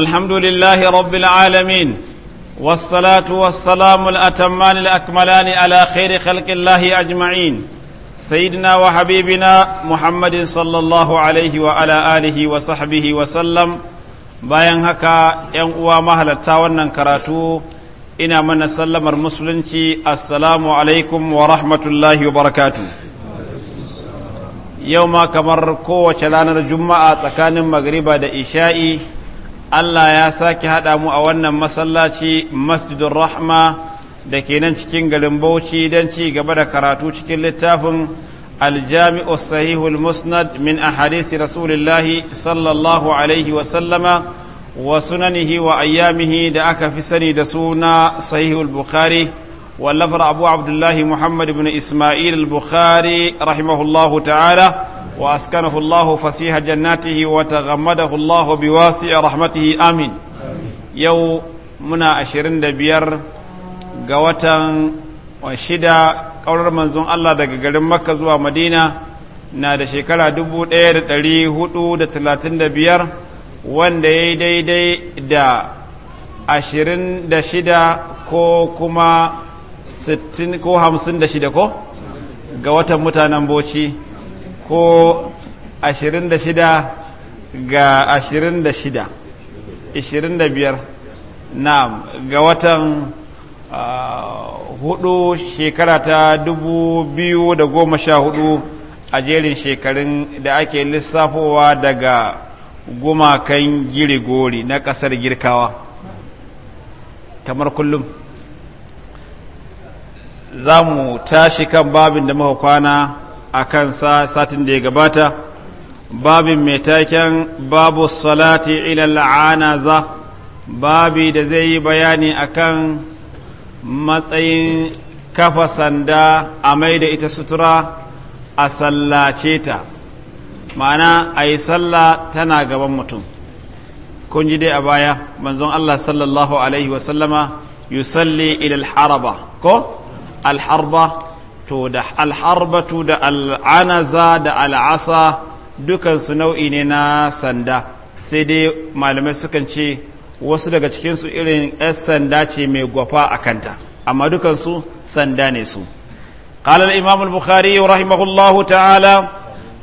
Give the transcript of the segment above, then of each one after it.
الحمد لله رب العالمين والصلاة والسلام الأتمان الأكملان على خير خلق الله أجمعين سيدنا وحبيبنا محمد صلى الله عليه وعلى آله وصحبه وسلم bayan haka ‘yan uwa mahalarta wannan karatu ina mana sallamar musulunci assalamu alaikum wa rahmatullahi wa barakatuh yau ma kamar kowace ranar juma'a tsakanin magriba da isha'i Allah ya sake haɗa mu a wannan masallaci masjidun rahma da ke nan cikin garin bauchi don ci gaba da karatu cikin littafin aljami'u sahihul musnad min ahadisi rasulillahi sallallahu alaihi wasallama wa sunanihi wa ayyamihi da aka fi sani da suna sahihul bukhari واللفر أبو عبد الله محمد بن إسماعيل البخاري رحمه الله تعالى وأسكنه الله فسيح جناته وتغمده الله بواسع رحمته آمين يو منا أشرين دبير قوتا وشدا قول منزون الله دقا مكة زوا مدينة na da shekara dubu ɗaya da ɗari hudu da talatin da biyar wanda ya yi daidai da ashirin da shida ko kuma 60 ko 56 ko ga watan mutanen boci ko 26 ga 26 25 na ga watan ah, hudu shekara ta 2014 a jerin shekarun da ake lissafowa daga gumakan girigori na kasar girkawa kamar kullum za mu tashi kan babin da muka kwana a kan satin da ya gabata babin mai taken babu salati ilal za babi da zai yi bayani a kan matsayin kafa sanda a mai da ita sutura a sallace ta ma'ana a yi sallah tana gaban mutum kun ji dai a baya manzon Allah sallallahu alaihi wasallama yusalli ilal haraba ko alharba to da alharbatu da al'anaza da al'asa dukansu nau'i ne na sanda sai dai malamai sukan ce wasu daga cikinsu irin 'yan sanda ce mai gwafa a kanta amma dukansu sanda ne su قال الإمام البخاري رحمه الله تعالى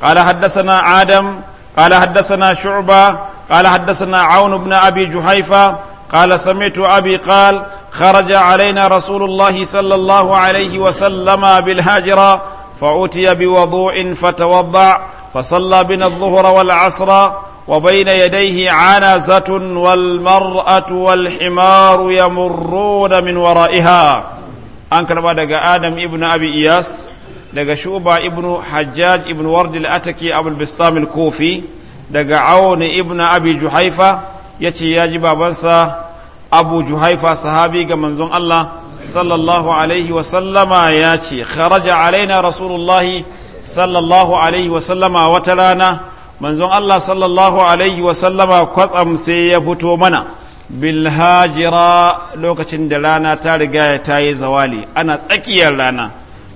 قال حدثنا آدم قال حدثنا شعبة قال حدثنا عون بن أبي جحيفة قال سمعت أبي قال خرج علينا رسول الله صلى الله عليه وسلم بالهاجرة فأتي بوضوء فتوضع فصلى بنا الظهر والعصر وبين يديه عنزة والمرأة والحمار يمرون من ورائها أنكر بعد آدم ابن أبي إياس daga shuba ibnu hajjaj ibnu wardi al-ataki abul bistam al-kufi daga auni ibnu abi juhaifa yace ya ji babansa abu juhaifa sahabi ga manzon Allah sallallahu alaihi wa sallama ya ce kharaja alaina rasulullahi sallallahu alaihi wa sallama wata rana manzon Allah sallallahu alaihi wa sallama kwatsam sai ya fito mana bilhajira lokacin da rana ta riga ta yi zawali ana tsakiyar rana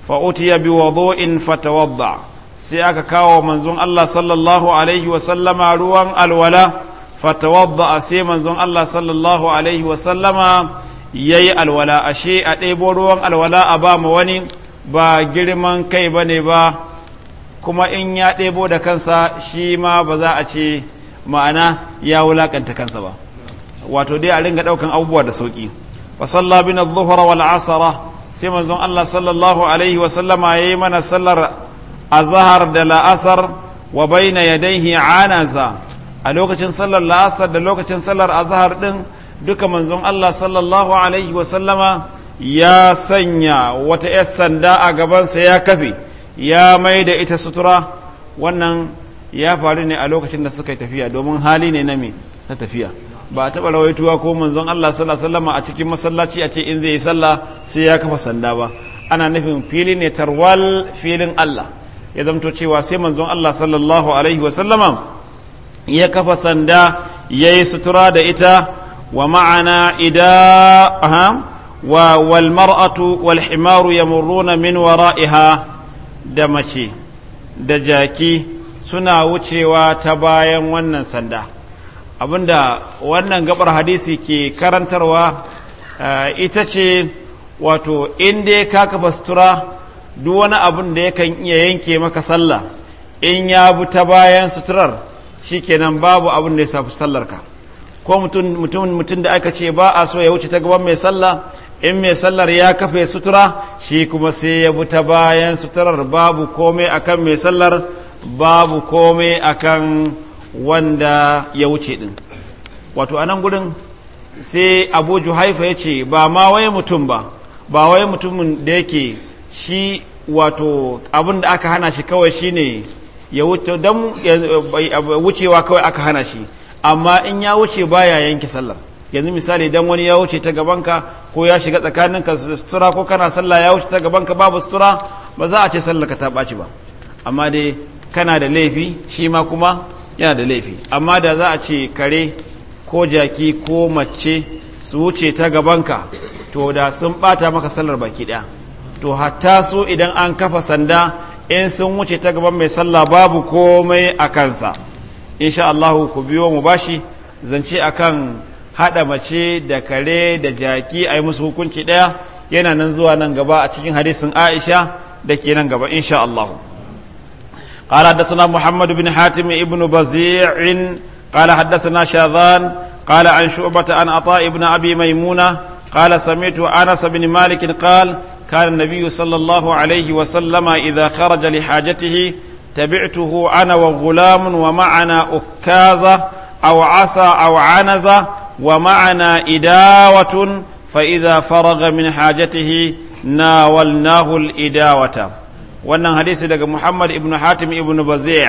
utiya bi wado'in fatawadda sai aka kawo manzon Allah sallallahu alaihi wa sallama ruwan alwala fatawadda sai manzon Allah sallallahu alaihi wasallama yi alwala ashe a ɗebo ruwan alwala a ba ma wani ba girman kai ba ne ba kuma in ya ɗebo da kansa shi ma ba za a ce ma'ana ya wulakanta kansa ba wato dai a ringa ɗaukan abubuwa da sauƙi wa salla bin adh wal asara sai manzon Allah sallallahu alaihi wa sallama yi mana sallar zahar da la'asar wa baina yadayhi anaza a lokacin sallar la'asar da lokacin sallar azahar din duka manzon Allah sallallahu alaihi sallama ya sanya wata 'yar sanda a gabansa ya kafe ya mai da ita sutura wannan ya faru ne a lokacin da suka yi tafiya domin hali ne na me na tafiya ba a taɓa rawaituwa ko manzon Allah sallallahu alaihi wasallama a cikin masallaci a ce in zai yi sallah sai ya kafa sanda ba ana nufin fili ne tarwal filin Allah ya zamto cewa sai manzon Allah sallallahu alaihi sallama. ya kafa sanda ya yi sutura da ita wa ma'ana ida wa wal mar'atu wal himaru yamurruna min wara'iha da mace da jaki suna wucewa ta bayan wannan sanda abinda wannan gabar hadisi ke karantarwa eh, ita ce wato in dai ka kafa sutura duk wani abin da yakan iya yanke maka sallah in ya bi ta bayan suturar shikenan babu abin da ya safi ka ko mutum da aka ce ba a so ya wuce ta gaban mai sallah in mai sallar ya kafe sutura shi kuma sai ya bi ta bayan suturar babu komai akan mai sallar babu komai akan wanda ya wuce din wato anan gudun sai abu haifa ya ce ba ma waye mutum ba ba waye mutumin da yake shi wato abin da aka hana shi kawai shine ya wuce dan wucewa kawai aka hana shi amma in ya wuce baya yanke sallar yanzu misali dan wani ya wuce ta gabanka ko ya shiga tsakaninka sutura ko kana sallah ya wuce ta gabanka babu sutura ba za a ce sallar ka ta baci ba amma dai kana da laifi shi ma kuma yana da laifi amma da za a ce kare ko jaki ko mace su wuce ta gabanka to da sun bata maka sallar baki daya to hatta su idan an kafa sanda in sun wuce ta gaban mai sallah babu komai a kansa insha Allah ku biyo mu bashi zance akan hada mace da kare da jaki a yi musu hukunci daya yana nan zuwa nan gaba a cikin hadisin Aisha da ke nan gaba insha Allah قال حدثنا محمد بن حاتم ابن بزيع قال حدثنا شاذان قال عن شعبة عن عطاء بن أبي ميمونة قال سمعت أنس بن مالك قال كان النبي صلى الله عليه وسلم إذا خرج لحاجته تبعته أنا وغلام ومعنا أكازة أو عصا أو عنزة ومعنا إداوة فإذا فرغ من حاجته ناولناه الإداوة wannan hadisi daga Muhammad ibn Hatim ibn Bazi'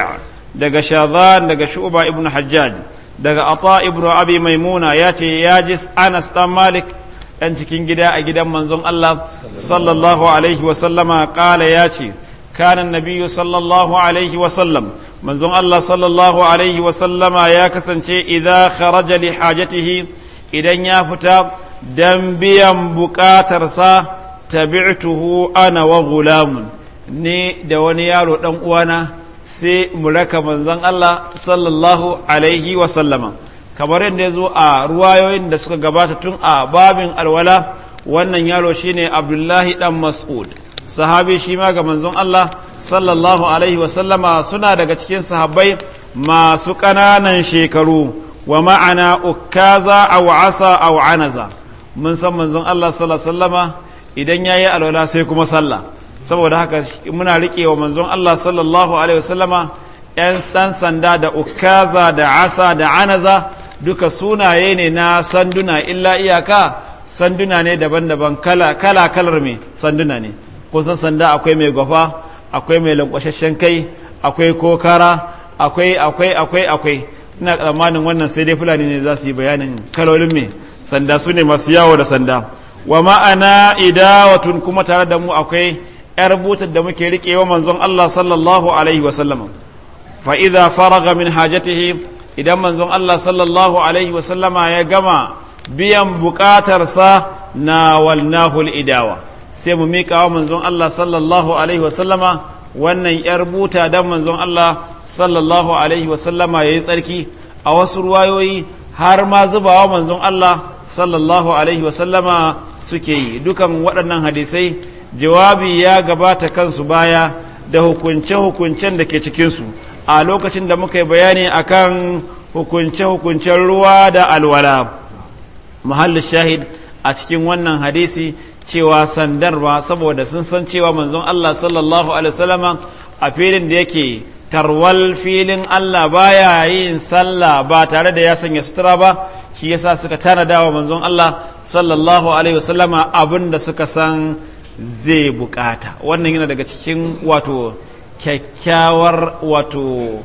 daga Shadhan daga Shu'ba ibn Hajjaj daga Ata ibn Abi Maimuna ya ce ya ji Anas ɗan Malik ɗan cikin gida a gidan manzon Allah sallallahu alaihi wa sallama ƙala ya ce kanan nabiyu sallallahu alaihi wa sallam manzon Allah sallallahu alaihi wa sallama ya kasance idan kharaja li hajatihi idan ya fita dan biyan buƙatarsa tabi'tuhu ana wa gulamun ni da wani yaro ɗan uwana sai mu raka manzon Allah sallallahu alaihi wa sallama. kamar yadda ya zo a ruwayoyin da suka gabata tun a babin alwala wannan yaro shi ne abdullahi dan mas'ud sahabi shi ma ga manzon Allah sallallahu alaihi wasallama suna daga cikin sahabbai masu ƙananan shekaru wa ma'ana ukaza aw asa aw anaza mun san manzon Allah sallallahu alaihi idan yayi alwala sai kuma sallah saboda haka muna rike wa manzon Allah sallallahu alaihi wasallama ɗan sanda da ukaza da asa da anaza duka sunaye ne na sanduna illa iyaka sanduna ne daban-daban kala-kalar mai sanduna ne kusan sanda akwai mai gwafa akwai mai lankwashashen kai akwai kokara akwai akwai akwai akwai ina tsammanin wannan sai dai fulani ne za su yi bayanin kalolin mai sanda su ne masu yawo da sanda wa ma'ana idawatun kuma tare da mu akwai yar butar da muke wa manzon Allah sallallahu alaihi wasallam fa idza faraga min hajatihi idan manzon Allah sallallahu alaihi wasallama ya gama biyan bukatarsa na walnahul idawa sai mu miƙa wa manzon Allah sallallahu alaihi wasallama wannan yar buta dan manzon Allah sallallahu alaihi wasallama ya yi tsarki a wasu ruwayoyi har ma zuba wa manzon Allah sallallahu alaihi wasallama suke yi dukan waɗannan hadisai jawabi ya gabata kansu baya da hukunce-hukuncen da ke cikinsu a lokacin da muka yi bayani kan hukunce-hukuncen ruwa da alwala muhallin shahid a cikin wannan hadisi cewa sandar ba saboda sun san cewa manzon Allah sallallahu alaihi wasallama a filin da yake tarwal filin Allah ba ya yin sallah ba tare da ya sanya sutura ba shi ya sa suka tanada dawa manzon Allah sallallahu alaihi wasallama abin da suka san zai bukata wannan yana daga cikin wato kyakkyawar wato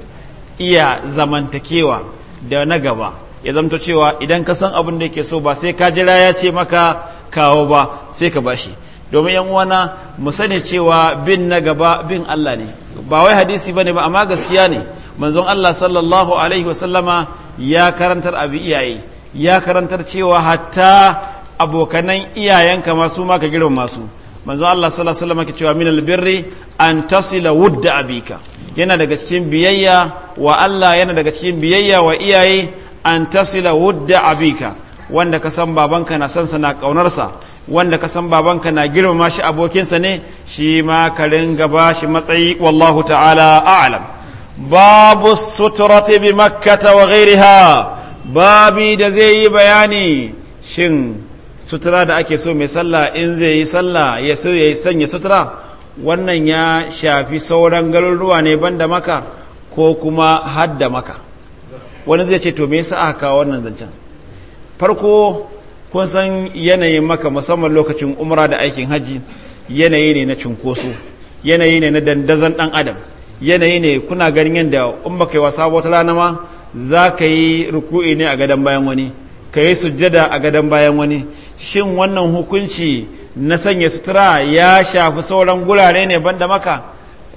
iya zamantakewa da na gaba ya zamta cewa idan ka san abin da yake so ba sai ka jira ya ce maka kawo ba sai ka bashi domin yan uwana mu sani cewa bin na gaba bin Allah ne ba wai hadisi bane ba amma gaskiya ne manzon Allah sallallahu alaihi wasallama ya karantar abi iyaye ya karantar cewa hatta abokanan iyayenka masu ma ka girma masu manzo Allah sallallahu alaihi wasallam cewa minal birri an tasila wudda abika yana daga cikin biyayya wa Allah yana daga cikin biyayya wa iyaye an tasila wudda abika wanda ka san babanka na sansa na kaunarsa wanda ka san babanka na girmama shi abokinsa ne shi ma ka ringa ba shi matsayi wallahu ta'ala a'lam babu suturati bi makkata wa ghairiha babi da zai yi bayani shin sutura da ake so mai sallah in zai yi sallah ya so ya sanya sutura wannan ya shafi sauran garuruwa ne banda maka ko kuma hadda maka wani zai ce to me yasa aka kawo wannan zancen farko kun san yanayin maka musamman lokacin umra da aikin hajji yanayi ne na cunkoso yanayi ne na dandazon dan adam yanayi ne kuna ganin yadda in baka yi wasa wata rana ma za ka yi ruku'i ne a gadon bayan wani ka yi sujjada a gadon bayan wani shin wannan hukunci na sanya sutura ya shafi sauran gurare ne banda maka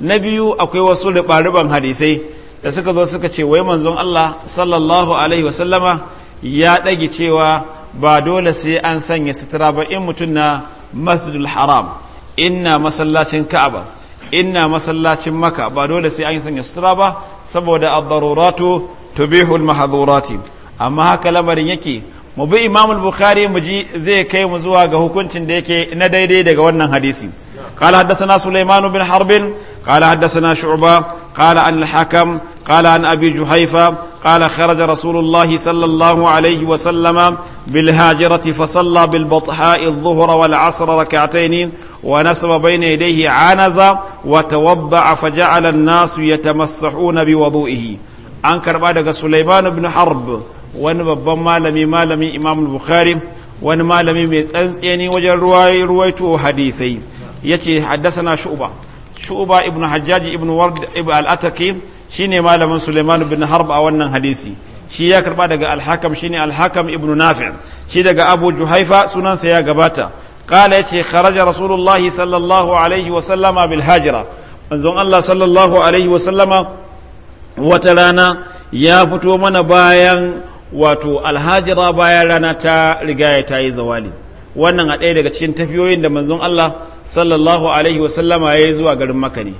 na biyu akwai wasu riɓa hadisai da suka zo suka ce wai manzon Allah sallallahu alaihi wasallama ya ɗagi cewa ba dole sai an sanya sutura ba in mutum na masjidul haram inna masallacin ka'aba inna masallacin maka ba dole sai an yi sanya sutura ba saboda ad-daruratu tubihul mahdurati amma haka lamarin yake mu bi imam al-bukhari mu ji zai kai mu zuwa ga hukuncin da yake na daidai daga wannan hadisi قال حدثنا سليمان بن حرب قال حدثنا شعبة قال عن الحكم قال عن أبي جحيفة قال خرج رسول الله صلى الله عليه وسلم بالهاجرة فصلى بالبطحاء الظهر والعصر ركعتين ونسب بين يديه عنزة وتوبع فجعل الناس يتمسحون بوضوئه أنكر بعد سليمان بن حرب wani babban malami malami imam bukhari wani malami mai tsantseni wajen ruwaito hadisai yace haddasana shu'ba shu'ba ibnu hajjaji ibnu ward ibn al-ataki ne malamin suleiman bin harba a wannan hadisi shi ya karba daga alhakam shi ne alhakam ibnu nafi' shi daga abu juhaifa sunansa ya gabata قال يتي خرج رسول الله صلى الله عليه وسلم بالهاجرة منزون الله صلى الله عليه وسلم وتلانا يا فتو من بايان wato alhajira bayan rana ta rigaya ta yi zawali wannan a ɗaya daga cikin tafiyoyin da manzon Allah sallallahu alaihi wasallama ya yi zuwa garin Makka ne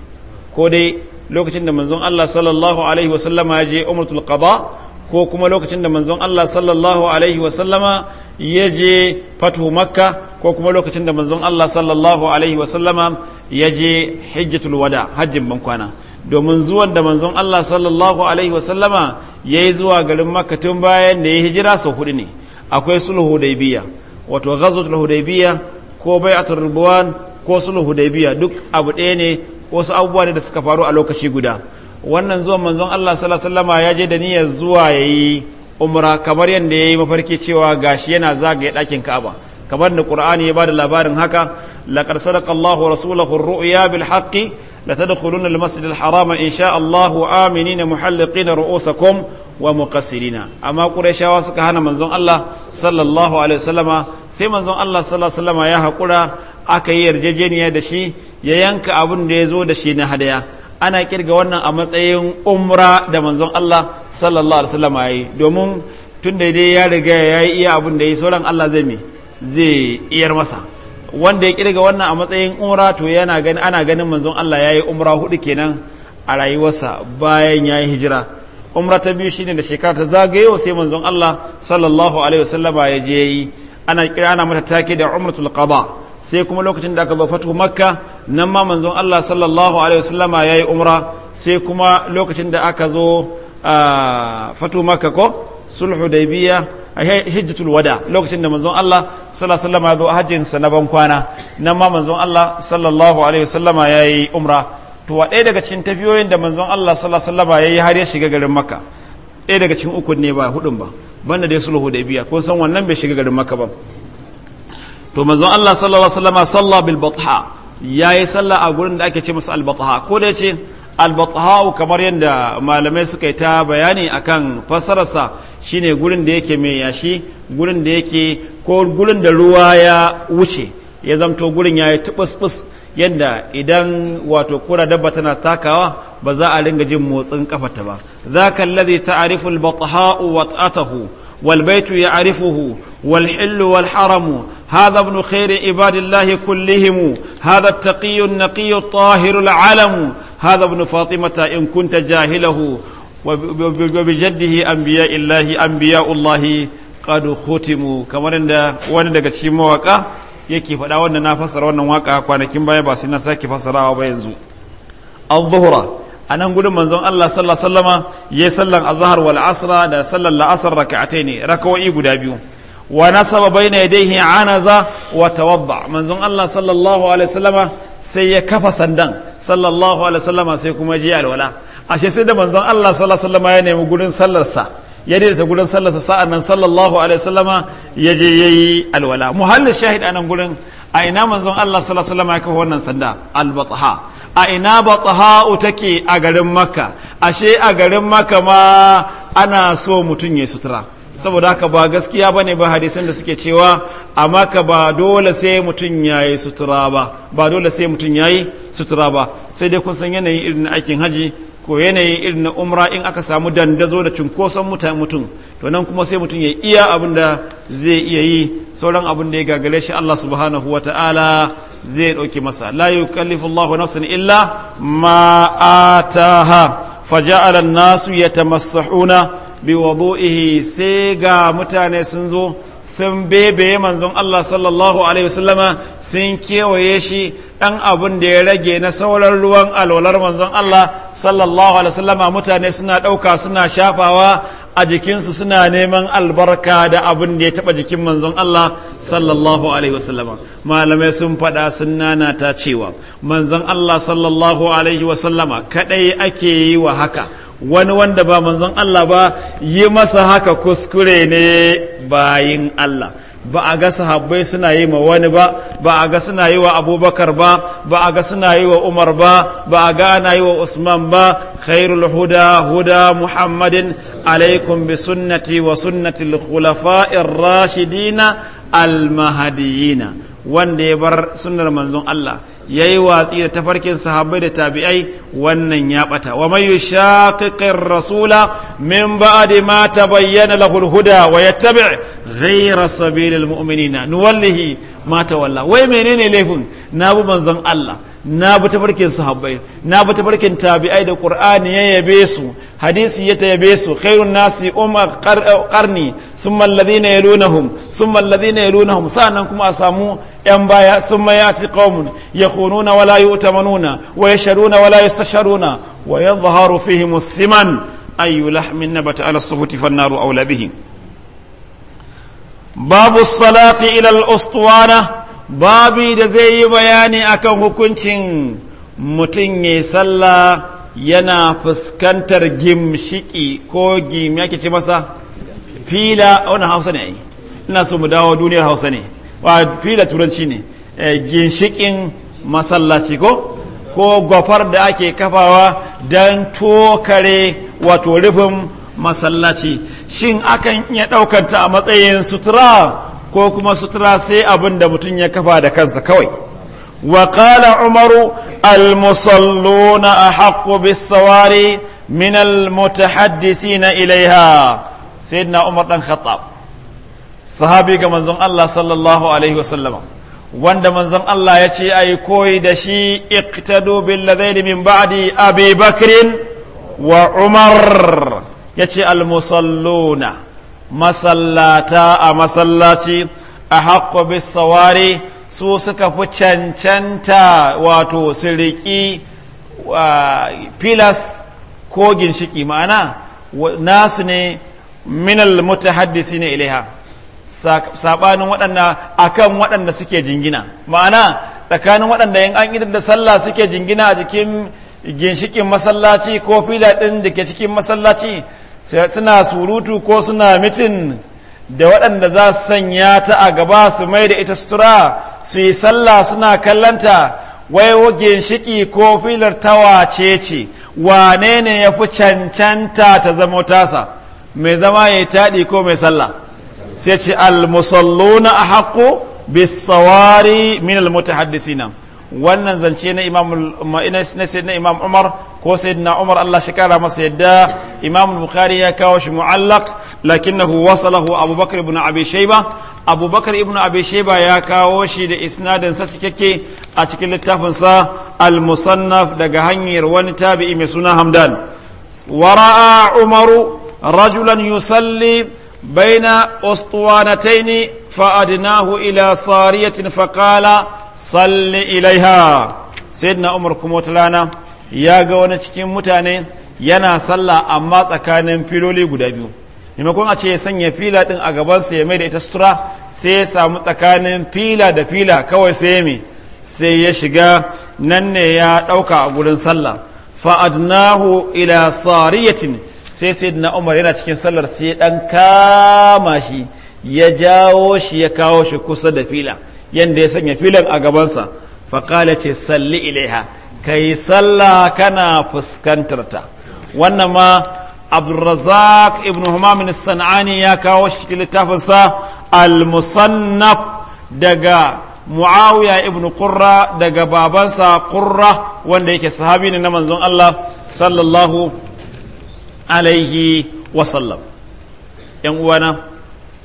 ko dai lokacin da manzon Allah sallallahu alaihi wasallama ya je umratul qada ko kuma lokacin da manzon Allah sallallahu alaihi wasallama ya je fatu makka ko kuma lokacin da manzon Allah sallallahu alaihi wasallama ya je hajjatul wada hajjin bankwana domin zuwan da manzon Allah sallallahu alaihi wasallama ya yi zuwa garin makatun tun bayan da ya hijira sau hudu ne akwai sulhu hudaybiya wato ghazwatul hudaybiya ko bai a turbuwan ko sulhu hudaybiya duk abu ɗaya ne wasu abubuwa ne da suka faru a lokaci guda wannan zuwan manzon Allah sallallahu ya je da niyyar zuwa ya yi umra kamar yadda ya yi mafarki cewa gashi yana zagaye ɗakin Ka'aba kamar da ƙur'ani ya ba da labarin haka laƙar sadaka Allahu rasulahu ruya bil haqqi da لتدخلن المسجد الحرام إن شاء الله آمنين محلقين رؤوسكم ومقصرين أما قريشا وسكهنا منزون الله صلى الله عليه وسلم sai manzon Allah sallallahu alaihi wasallam ya hakura aka yi yarjejeniya da shi ya yanka abin da ya zo da shi na hadaya ana kirga wannan a matsayin umra da manzon Allah sallallahu alaihi wasallam ya domin tun da dai ya riga ya yi iya abin da ya yi sauran Allah zai me zai iyar masa wanda ya kirga wannan a matsayin umra to yana gani ana ganin manzon Allah yayi umra hudu kenan a rayuwarsa bayan yayi hijira umra ta biyu shine da shekara ta zagayo sai manzon Allah sallallahu alaihi wasallama ya je yi ana kira ana mata take da umratul qada sai kuma lokacin da aka zo fatu makka nan ma manzon Allah sallallahu alaihi wasallama yayi umra sai kuma lokacin da aka zo ah, fatu makka ko sulhu biya. hajjatul wada lokacin da manzon Allah sallallahu alaihi wasallam ya zo hajjin sa na bankwana nan ma manzon Allah sallallahu alaihi ya yi umra to wa ɗaya daga cikin tafiyoyin da manzon Allah sallallahu alaihi ya yi har ya shiga garin Makka ɗaya daga cikin uku ne ba hudun ba banda dai sulhu da biya ko san wannan bai shiga garin Makka ba to manzon Allah sallallahu alaihi wasallam salla bil batha yayi salla a gurin da ake ce masa al batha ko da yace al batha kamar yadda malamai suka yi ta bayani akan fasararsa shine gurin da yake mai yashi gurin da yake ko gurin da ruwa ya wuce ya zamto gurin ya yi tubus yadda idan wato kura dabba tana takawa ba za a ringa jin motsin kafata ba zaka allazi ta'rifu al-batha'u wat'atahu wal baytu ya'rifuhu wal hillu wal haramu هذا ابن خير عباد الله كلهم هذا التقي النقي الطاهر العلم هذا ابن فاطمة إن كنت وبجده أنبياء الله أنبياء الله قد ختموا كما عند وانا daga cikin mawaka yake faɗa wannan na fassara wannan waka kwanakin baya ba sai na saki fassarawa ba yanzu az-zuhra anan gudun manzon Allah sallallahu alaihi wasallama yayi sallan azhar wal asra da sallan la'asar raka'ataini rakawai guda biyu wa nasaba baina yadayhi anaza wa tawadda manzon Allah sallallahu alaihi wasallama sai ya kafa sandan sallallahu alaihi wasallama sai kuma ji alwala ashe sai da manzon Allah sallallahu alaihi wasallam ya nemi gurin sallarsa ya ta gurin sallarsa sa'an nan sallallahu alaihi wasallama ya je yayi alwala muhallin shahid anan gurin a ina manzon Allah sallallahu alaihi wasallama ya wannan sanda al a ina batha take a garin makka ashe a garin makka ma ana so mutun ya sutura saboda haka ba gaskiya bane ba hadisan da suke cewa a maka ba dole sai mutum yayi sutura ba ba dole sai mutum yayi sutura ba sai dai kun san yanayin irin aikin haji ko yanayin irin na umra in aka samu dandazo da cunkoson mutum to nan kuma sai mutum ya iya abin da zai iya yi sauran abin da ya gagale shi Allah subhanahu wa ta'ala zai ɗauki masa la yukallifu Allahu nafsan illa ma ataha faja'ala an-nasu yatamassahuna bi wudu'ihi sai ga mutane sun zo sun bebeye manzon Allah sallallahu alaihi wasallama sun kewaye shi ɗan abin da ya rage na sauran ruwan alwalar manzon Allah sallallahu alaihi wasallama mutane suna ɗauka suna shafawa a jikinsu suna neman albarka da abin da ya taɓa jikin manzon Allah sallallahu alaihi wasallama malamai sun faɗa sun nanata cewa manzon Allah sallallahu alaihi wasallama kaɗai ake yi wa haka wani wanda ba manzon Allah ba yi masa haka kuskure ne bayin Allah ba a ga sahabbai suna yi ma wani ba ba a ga suna yi wa abubakar ba ba a ga suna yi wa umar ba ba a ga ana yi wa usman ba khairul huda huda muhammadin alaikum bi sunnati wa sunnati al-khulafa'ir rashidina al-mahdiyina wanda ya bar sunnar manzon Allah ya yi watsi da tafarkin sahabbai da tabi'ai wannan ya bata wa may rasula min ba'di ma ta bayyana al-huda wa yattabi' ghayra sabilil mu'minina nuwallihi mata walla wai menene laifin na bi manzon Allah na bi tafarkin sahabbai na bi tafarkin tabi'ai da qur'ani ya yabe su hadisi ya tayabe su khairun nasi umma qarni summa alladhina yalunahum summa alladhina yalunahum sanan kuma a samu yan baya summa yati qaumun yakhununa wala yu'tamanuna wa yasharuna wala yastasharuna wa yadhharu fihim siman ayu lahmin nabata ala sufuti fannaru awla bihi babu salati ilal ustuwana babu da zai yi bayani akan hukuncin mutum ya salla yana fuskantar gimshiki ko gim yake ce masa fila wani hausa ne ina so mu dawo duniyar hausa ne wa fila turanci ne eh, ginshikin masallaci ko ko gwafar da ake kafawa don tokare wato rufin masallaci shin akan iya ɗaukanta a matsayin sutura ko kuma sutura sai abin da mutum ya kafa da kansa kawai wa qala umaru almusalluna ahaqqu bis-sawari min na ilaiha sayyidina umar dan khattab sahabi ga manzon Allah sallallahu alaihi wasallam wanda manzon Allah ya ce yi koyi da shi iqtadu bil ladaini min ba'adi abi bakirin wa umar ya ce almusalluna masallata a masallaci a haƙƙo bisawari su suka fi cancanta wato siriki riƙi filas ko ginshiki ma'ana nasu ne minal mutahaddisi ne ilaiha saɓanin waɗanda akan waɗanda suke jingina ma'ana tsakanin waɗanda yin an idar da sallah suke jingina a jikin ginshikin masallaci ko fila ɗin da ke cikin masallaci suna surutu ko suna mitin da waɗanda za su sanya ta a gaba su mai da ita sutura su yi sallah suna kallanta wai wajen shiki ko filar tawace ce wane ne ya fi cancanta ta zama tasa mai zama ya yi taɗi ko mai sallah sai ce al-musalluna a haƙo bisawari min al nan. wannan zance na imam na sayyidina imam umar ko sayyidina umar Allah shi kara masa yadda imam bukhari ya kawo shi mu'allaq lakinnahu wasalahu abubakar ibn abi shayba abubakar ibn abi shayba ya kawo shi da isnadin sa cikakke a cikin littafin sa al musannaf daga hanyar wani tabi'i mai suna hamdan wara'a umaru rajulan yusalli baina ustuwanataini fa adnahu ila sariyatin fakala. salli ilaiha sayyidina umar kuma wata rana ya ga wani cikin mutane yana sallah amma tsakanin filoli guda biyu maimakon a ce ya sanya fila din a gabansa ya mai da ita sutura sai ya samu tsakanin fila da fila kawai sai ya mai sai ya shiga nan ne ya ɗauka a gurin sallah fa'adnahu ila sariyatin sai sayyidina umar yana cikin sallar sai ya ɗan kama shi ya jawo shi ya kawo shi kusa da fila yanda ya sanya filin a gabansa faƙala ce salli ilaiha ka yi sallah kana fuskantar ta wannan ma abdurrazak ibn humamin sana'ani ya kawo shi littafinsa al-musannaf daga muawiya ibn qurra daga babansa qurra wanda yake sahabi ne na manzon Allah sallallahu alaihi wa sallam yan uwana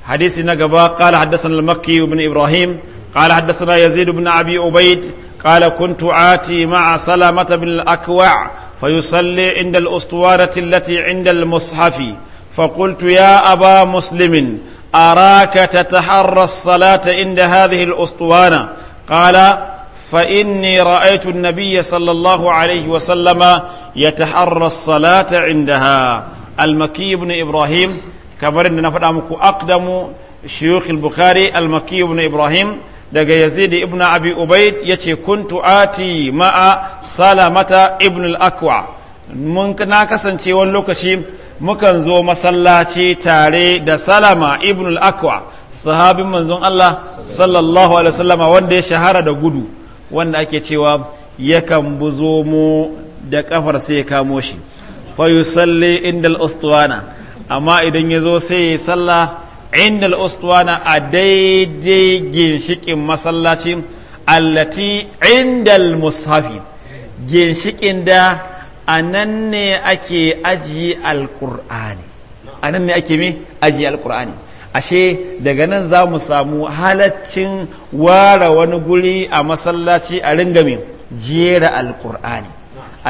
hadisi na gaba qala haddathana al-makki ibn ibrahim قال حدثنا يزيد بن أبي عبيد قال كنت آتي مع سلامة بن الأكوع فيصلي عند الأسطوانة التي عند المصحف فقلت يا أبا مسلم أراك تتحرى الصلاة عند هذه الأسطوانة قال فإني رأيت النبي صلى الله عليه وسلم يتحرى الصلاة عندها المكي بن إبراهيم كبرنا نفرأمك أقدم شيوخ البخاري المكي بن إبراهيم daga yazid ibn abi ubaid yace kuntu ati ma'a salamata ibn al-akwa mun na kasance wani lokaci mukan zo masallaci tare da salama ibn al-akwa sahabin manzon Allah sallallahu alaihi wasallam wanda ya shahara da gudu wanda ake cewa yakan buzo mu da kafar sai ya kamo shi fa yusalli inda ustuwana amma idan ya zo sai ya sallah indal al'ustuwana a daidai ginshikin masallaci allati indal mushafi ginshikin da a nan ne ake ajiye alkur'ani a nan ne ake mi ajiye alkur'ani ashe daga nan za mu samu halaccin ware wani guri a masallaci a ringami jera alkur'ani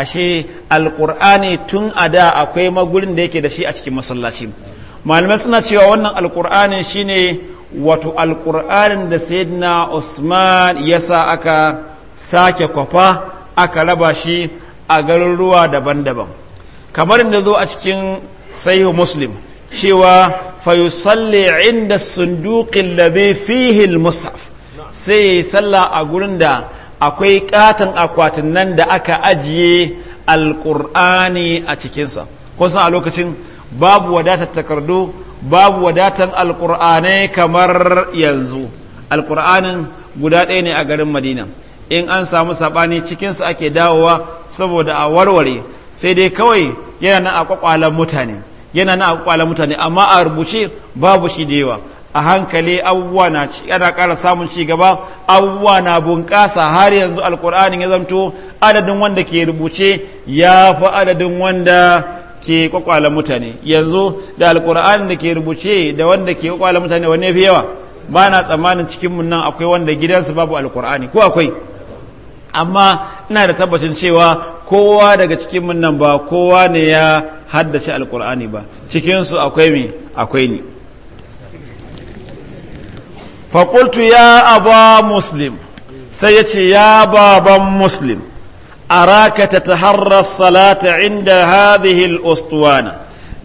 ashe alkur'ani tun a da akwai magurin da yake da shi a cikin masallaci malamai suna cewa wannan alkur'anin shine wato alkur'anin da sayyidina usman ya sa aka sake kwafa aka raba shi a garuruwa daban-daban kamar da zo a cikin sahihu muslim cewa fayusalli inda sunduƙin ladhi fihi al sai ya yi salla a gurin da akwai katon akwatin nan da aka ajiye alƙur'ani a cikinsa kusan a lokacin babu wadatar takardu babu wadatar alkur'anai kamar yanzu alkur'anin guda ɗaya ne a garin madina in an samu saɓani cikinsa ake dawowa saboda a warware sai dai kawai yana nan a mutane yana nan a mutane amma a rubuce babu shi da yawa a hankali abubuwa na yana ƙara samun ci gaba abubuwa na bunƙasa har yanzu alkur'ani ya zamto adadin wanda ke rubuce ya fi adadin wanda ke kwakwalan mutane yanzu da alkur'ani da ke rubuce da wanda ke kwakwalan mutane ya fi yawa ba na tsammanin cikinmu nan akwai wanda gidansu babu alkur'ani ko akwai amma ina da tabbacin cewa kowa daga cikin nan ba kowa ne ya haddace alkur'ani ba cikinsu akwai mi akwai ni faƙultu ya aba muslim sai ya ce ya baban muslim أراك تتحرى الصلاة عند هذه الأسطوانة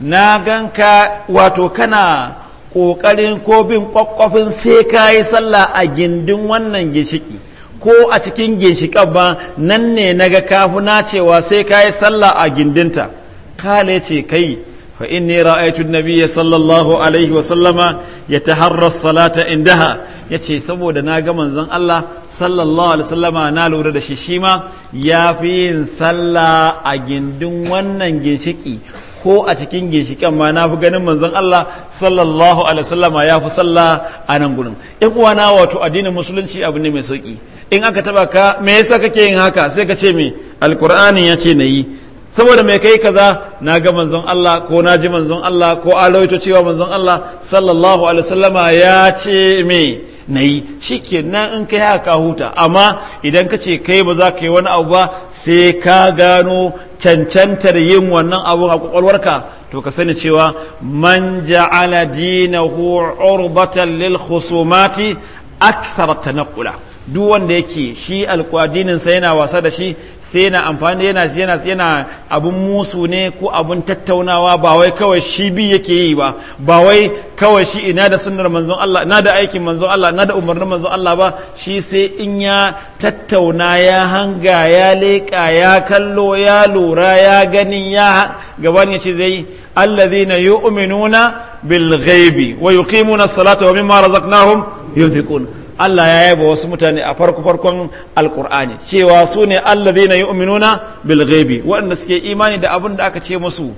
ناغنك واتوكنا ƙoƙarin ko bin ƙwaƙwafin sai ka yi sallah a gindin wannan ginshiki ko a cikin ginshiƙan ba nan ne na ga kafuna cewa sai ka yi sallah a gindinta kale ce kai فإني رأيت النبي ya الله عليه وسلم يتحرى الصلاة عندها yace saboda na ga manzon Allah sallallahu na lura da shi shi ma ya fi yin sallah a gindin wannan ginshiƙi ko a cikin ginshiken ma na fi ganin manzon Allah sallallahu alaihi wasallama ya fi sallah a nan gurin ƴan uwana wato addinin musulunci abu ne mai sauki in aka taɓa ka me yasa kake yin haka sai ka ce me alqur'ani yace nayi saboda mai kai kaza na ga manzon Allah ko na ji manzon Allah ko alawaito cewa manzon Allah sallallahu alaihi wasallama ya ce me nayi yi shi in kai haka huta amma idan ka ce kai ba za ka yi wani abu ba sai ka gano cancantar yin wannan abu a kwakwalwarka to ka sani cewa man ja'ala dinahu urbatan lil khusumati akthar tanqula duk wanda yake shi alkwadinin sa yana wasa da shi sai yana amfani yana yana yana abun musu ne ko abun tattaunawa ba wai kawai shi bi yake yi ba ba wai kawai shi ina da sunnar manzon Allah na da aikin manzon Allah na da umarnin manzon Allah ba shi sai in ya tattauna ya hanga ya leƙa ya kallo ya lura ya ganin ya gaban ya ce zai alladhina yu'minuna bil ghaibi wa yuqimuna as-salata wa mimma razaqnahum yunfiqun Allah ya yaba wasu mutane a farko farkon alkur'ani cewa su ne na yu'minuna bil ghaibi waɗanda suke imani da abin da aka ce musu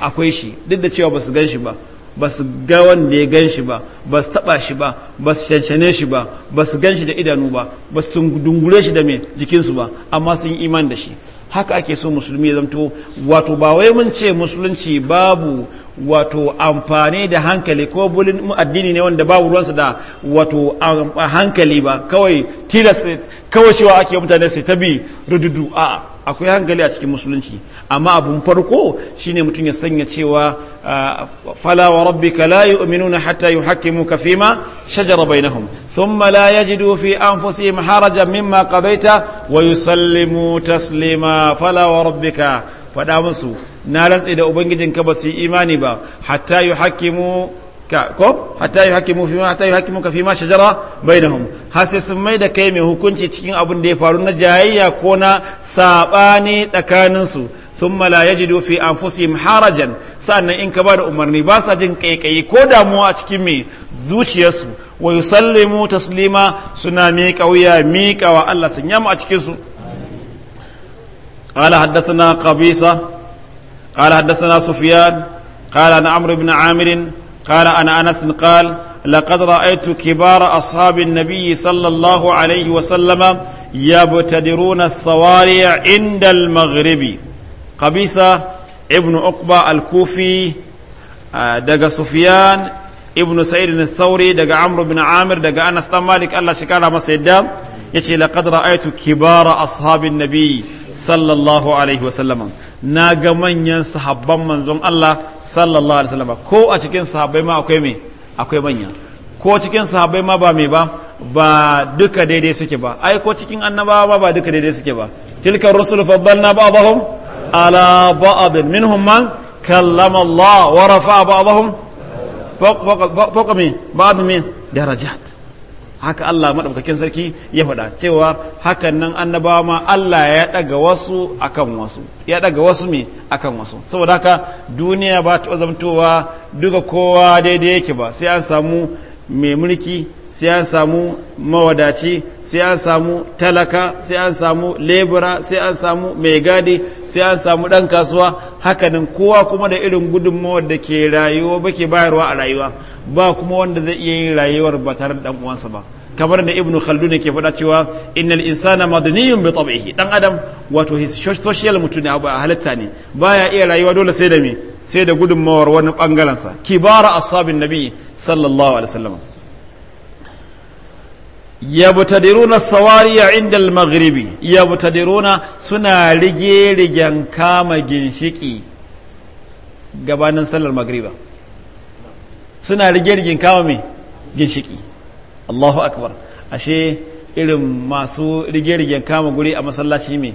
akwai shi duk da cewa basu gan shi ba basu ga wanda ya gan shi ba basu taba shi ba basu shanshane shi ba basu gan shi da idanu ba basu dungure shi da mai jikinsu ba amma sun imani da shi haka ake so musulmi ya zamto wato ba wai mun ce musulunci babu wato amfani da hankali ko bulin addini ne wanda babu ruwansa da wato hankali ba kawai tilas kawai cewa ake mutane sai ta bi rududu a akwai hankali a cikin musulunci amma abun farko shine mutum ya sanya cewa fala wa rabbika la yu'minuna hatta yuhakkimuka fima shajara bainahum thumma la yajidu fi anfusihim harajan mimma qadaita wa yusallimu taslima fala wa rabbika faɗa musu na rantse da ubangijin ka ba su yi imani ba hatta mu ka ko hatta yuhakimu fi ma hatta ka fi ma shajara bainahum har sai sun mai da kai mai hukunci cikin abin da ya faru na jayayya ko na sabani tsakanin su thumma la yajidu fi anfusihim harajan sannan in ka ba da umarni ba sa jin kaikayi ko damuwa a cikin mai zuciyarsu wa yusallimu taslima suna miƙa wuya miƙa wa Allah sun yamma a cikin su قال حدثنا قبيصه قال حدثنا سفيان قال عن عمرو بن عامر قال عن انس قال لقد رايت كبار اصحاب النبي صلى الله عليه وسلم يبتدرون الصوارع عند المغرب قبيصه ابن عقبه الكوفي دغ سفيان ابن سعيد الثوري دغ عمرو بن عامر دغ انس بن مالك الله شكرا ما سيدا يشي لقد رايت كبار اصحاب النبي sallallahu alaihi wasallam na ga manyan sahabban manzon Allah sallallahu alaihi wasallam ko a cikin sahabbai ma akwai me akwai manya ko cikin sahabbai ma ba me ba ba duka daidai suke ba ai ko cikin annabawa ma ba duka daidai suke ba tilka rusul faddalna ba'dahum ala ba'd minhum man kallama Allah wa rafa'a ba'dahum fawqa min ba'd min darajat haka Allah maɗaukakin sarki ya faɗa cewa hakan nan annabawa ma Allah ya ɗaga wasu akan wasu ya ɗaga wasu me akan wasu saboda haka duniya ba ta zamtowa duka kowa daidai yake ba sai an samu mai mulki sai an samu mawadaci sai an samu talaka sai an samu lebura sai an samu mai gadi sai an samu ɗan kasuwa hakanan kowa kuma da irin gudunmawar da ke rayuwa bake bayarwa a rayuwa ba kuma wanda zai iya yin rayuwar ba tare da dan uwansa ba kamar da ibnu khaldun ke faɗa cewa innal insana madaniyun bi tab'ihi dan adam wato his social mutune abu a halitta ne baya iya rayuwa dole sai da me sai da gudunmawar wani bangaren sa kibara ashabin nabi sallallahu alaihi wasallam yabtadiruna sawariya inda al-maghribi yabtadiruna suna rige rigen kama ginshiki gabanin sallar magriba suna rige rigin kama mai ginshiki Allahu akbar ashe irin masu rige rigen kama guri a masallaci mai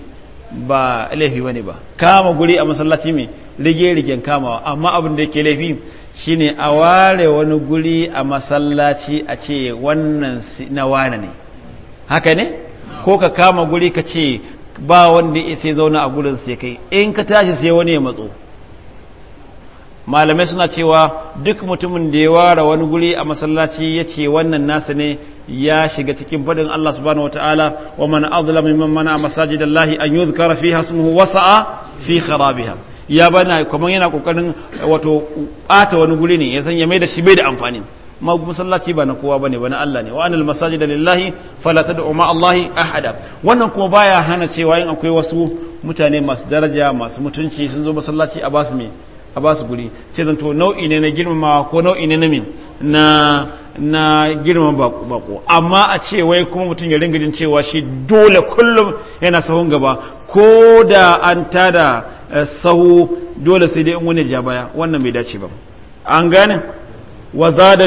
ba laifi wani ba kama guri a masallaci mai rige rigen kamawa amma abin da yake laifi shine a ware wani guri a masallaci a ce wannan na wane ne haka ne ko ka kama guri ka ce ba wanda sai zauna a gurin sai kai in ka tashi sai wani ya matso malamai suna cewa duk mutumin da ya ware wani guri a masallaci ya ce wannan nasa ne ya shiga cikin fadin Allah subhanahu wa ta'ala wa man a mimman mana masajidallahi an yuzkara fiha wasa a fi kharabiha ya bana kamar yana kokarin wato bata wani guri ne ya san ya mai da shi bai da amfani ma masallaci ba na kowa ne ba na Allah ne wa anil masajida lillahi falata da ma Allahi ahada wannan kuma baya hana cewa in akwai wasu mutane masu daraja masu mutunci sun zo masallaci a basu me a ba su guri sai zan to nau'i ne na girmama ko nau'i ne na min na na girman bako amma a ce wai kuma mutum ya ringa jin cewa shi dole kullum yana sahun gaba ko da an tada eh, sahu dole sai dai in wani ja baya wannan bai dace ba an gane وزاد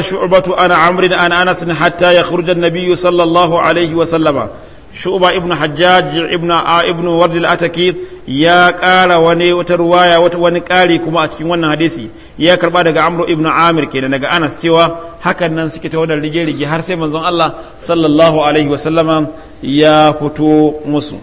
ana عن ana hatta ya حتى يخرج النبي sallallahu alaihi wa sallama. shu'ba ibnu hajjaj ibnu a ibnu ward al-ataki ya ƙara wani wata ruwaya wata wani ƙari kuma a cikin wannan hadisi ya karba daga amru ibnu amir kenan daga anas cewa hakan nan suke ta wannan rige rige har sai manzon Allah sallallahu alaihi wa sallama ya fito musu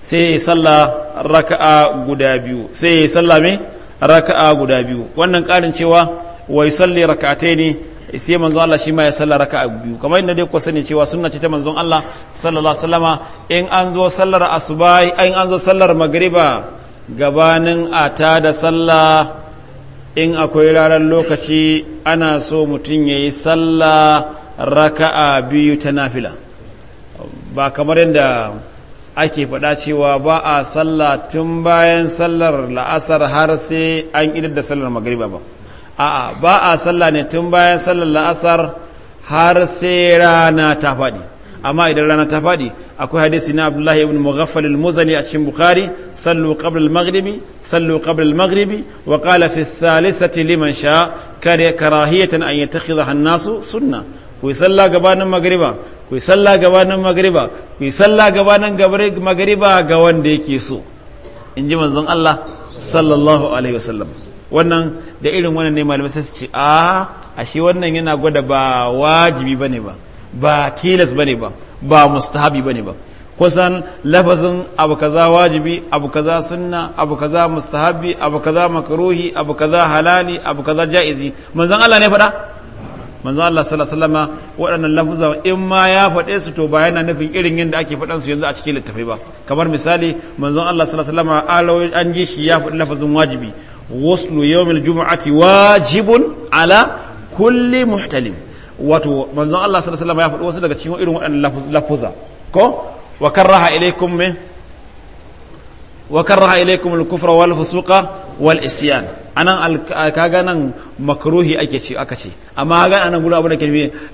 sai ya salla raka'a guda biyu sai ya salla me raka'a guda biyu wannan karin cewa wa yusalli raka'ataini sai manzon Allah shi ma ya sallar raka'a biyu kamar yadda dai ku sani cewa sunna ce ta manzon Allah sallallahu alaihi wasallama in an zo sallar asuba in an zo sallar magriba gabanin a ta da sallah in akwai ranar lokaci ana so mutum yayi yi sallah raka'a biyu ta nafila ba kamar yadda ake faɗa cewa ba a sallah tun bayan sallar la'asar har sai an idar da sallar magriba ba a'a ba a sallah ne tun bayan sallar la'asar har sai rana ta faɗi amma idan rana ta faɗi akwai hadisi na abdullahi ibn mughaffal al-muzani a cikin bukhari sallu qabla al-maghribi sallu qabla al-maghribi wa qala fi thalithati liman sha kare karahiyatan an yattakhidha an-nasu sunna ku sallah gabanin magriba ku yi sallah gabanin magriba ku yi sallah gabanin magriba ga wanda yake so in ji manzon Allah sallallahu alaihi wasallam wannan da irin wannan ne malamai sai su ce a ashe wannan yana gwada ba wajibi bane ba ba tilas bane ba ba mustahabi bane ba kusan lafazin abu kaza wajibi abu kaza sunna abu kaza mustahabi abu kaza makruhi abu kaza halali abu kaza jaizi manzon Allah ne faɗa manzon Allah sallallahu alaihi wasallam waɗannan lafuza in ma ya faɗe su to ba yana nufin irin yadda ake faɗan su yanzu a cikin littafai ba kamar misali manzon Allah sallallahu alaihi wasallam an ji shi ya faɗi lafazin wajibi waslu yawmil jumu'ati wajibun ala kulli muhtalim wato manzon Allah sallallahu alaihi ya faɗi wasu daga cikin irin waɗannan lafuza ko wa karaha me wa karaha ilaikum al-kufra wal fusuqa wal isyan anan kaga nan makruhi ake ce aka ce amma ga anan gudu abin da ke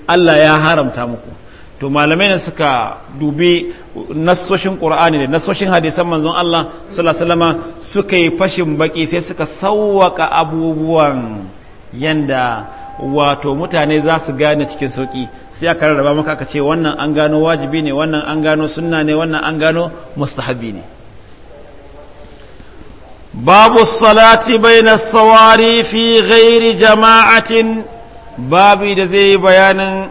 Allah ya haramta muku to malamai ne suka dubi nasoshin ƙur'ani da nasoshin hadisan manzon Allah salasalama suka yi fashin baki sai suka sauwaka abubuwan yanda wato mutane za su gane cikin sauƙi sai aka rarraba maka aka ce wannan an gano wajibi ne wannan an gano sunna ne wannan an gano mustahabi ne babu salati bai na sawari fi gairi jama'atin babu da zai yi bayanin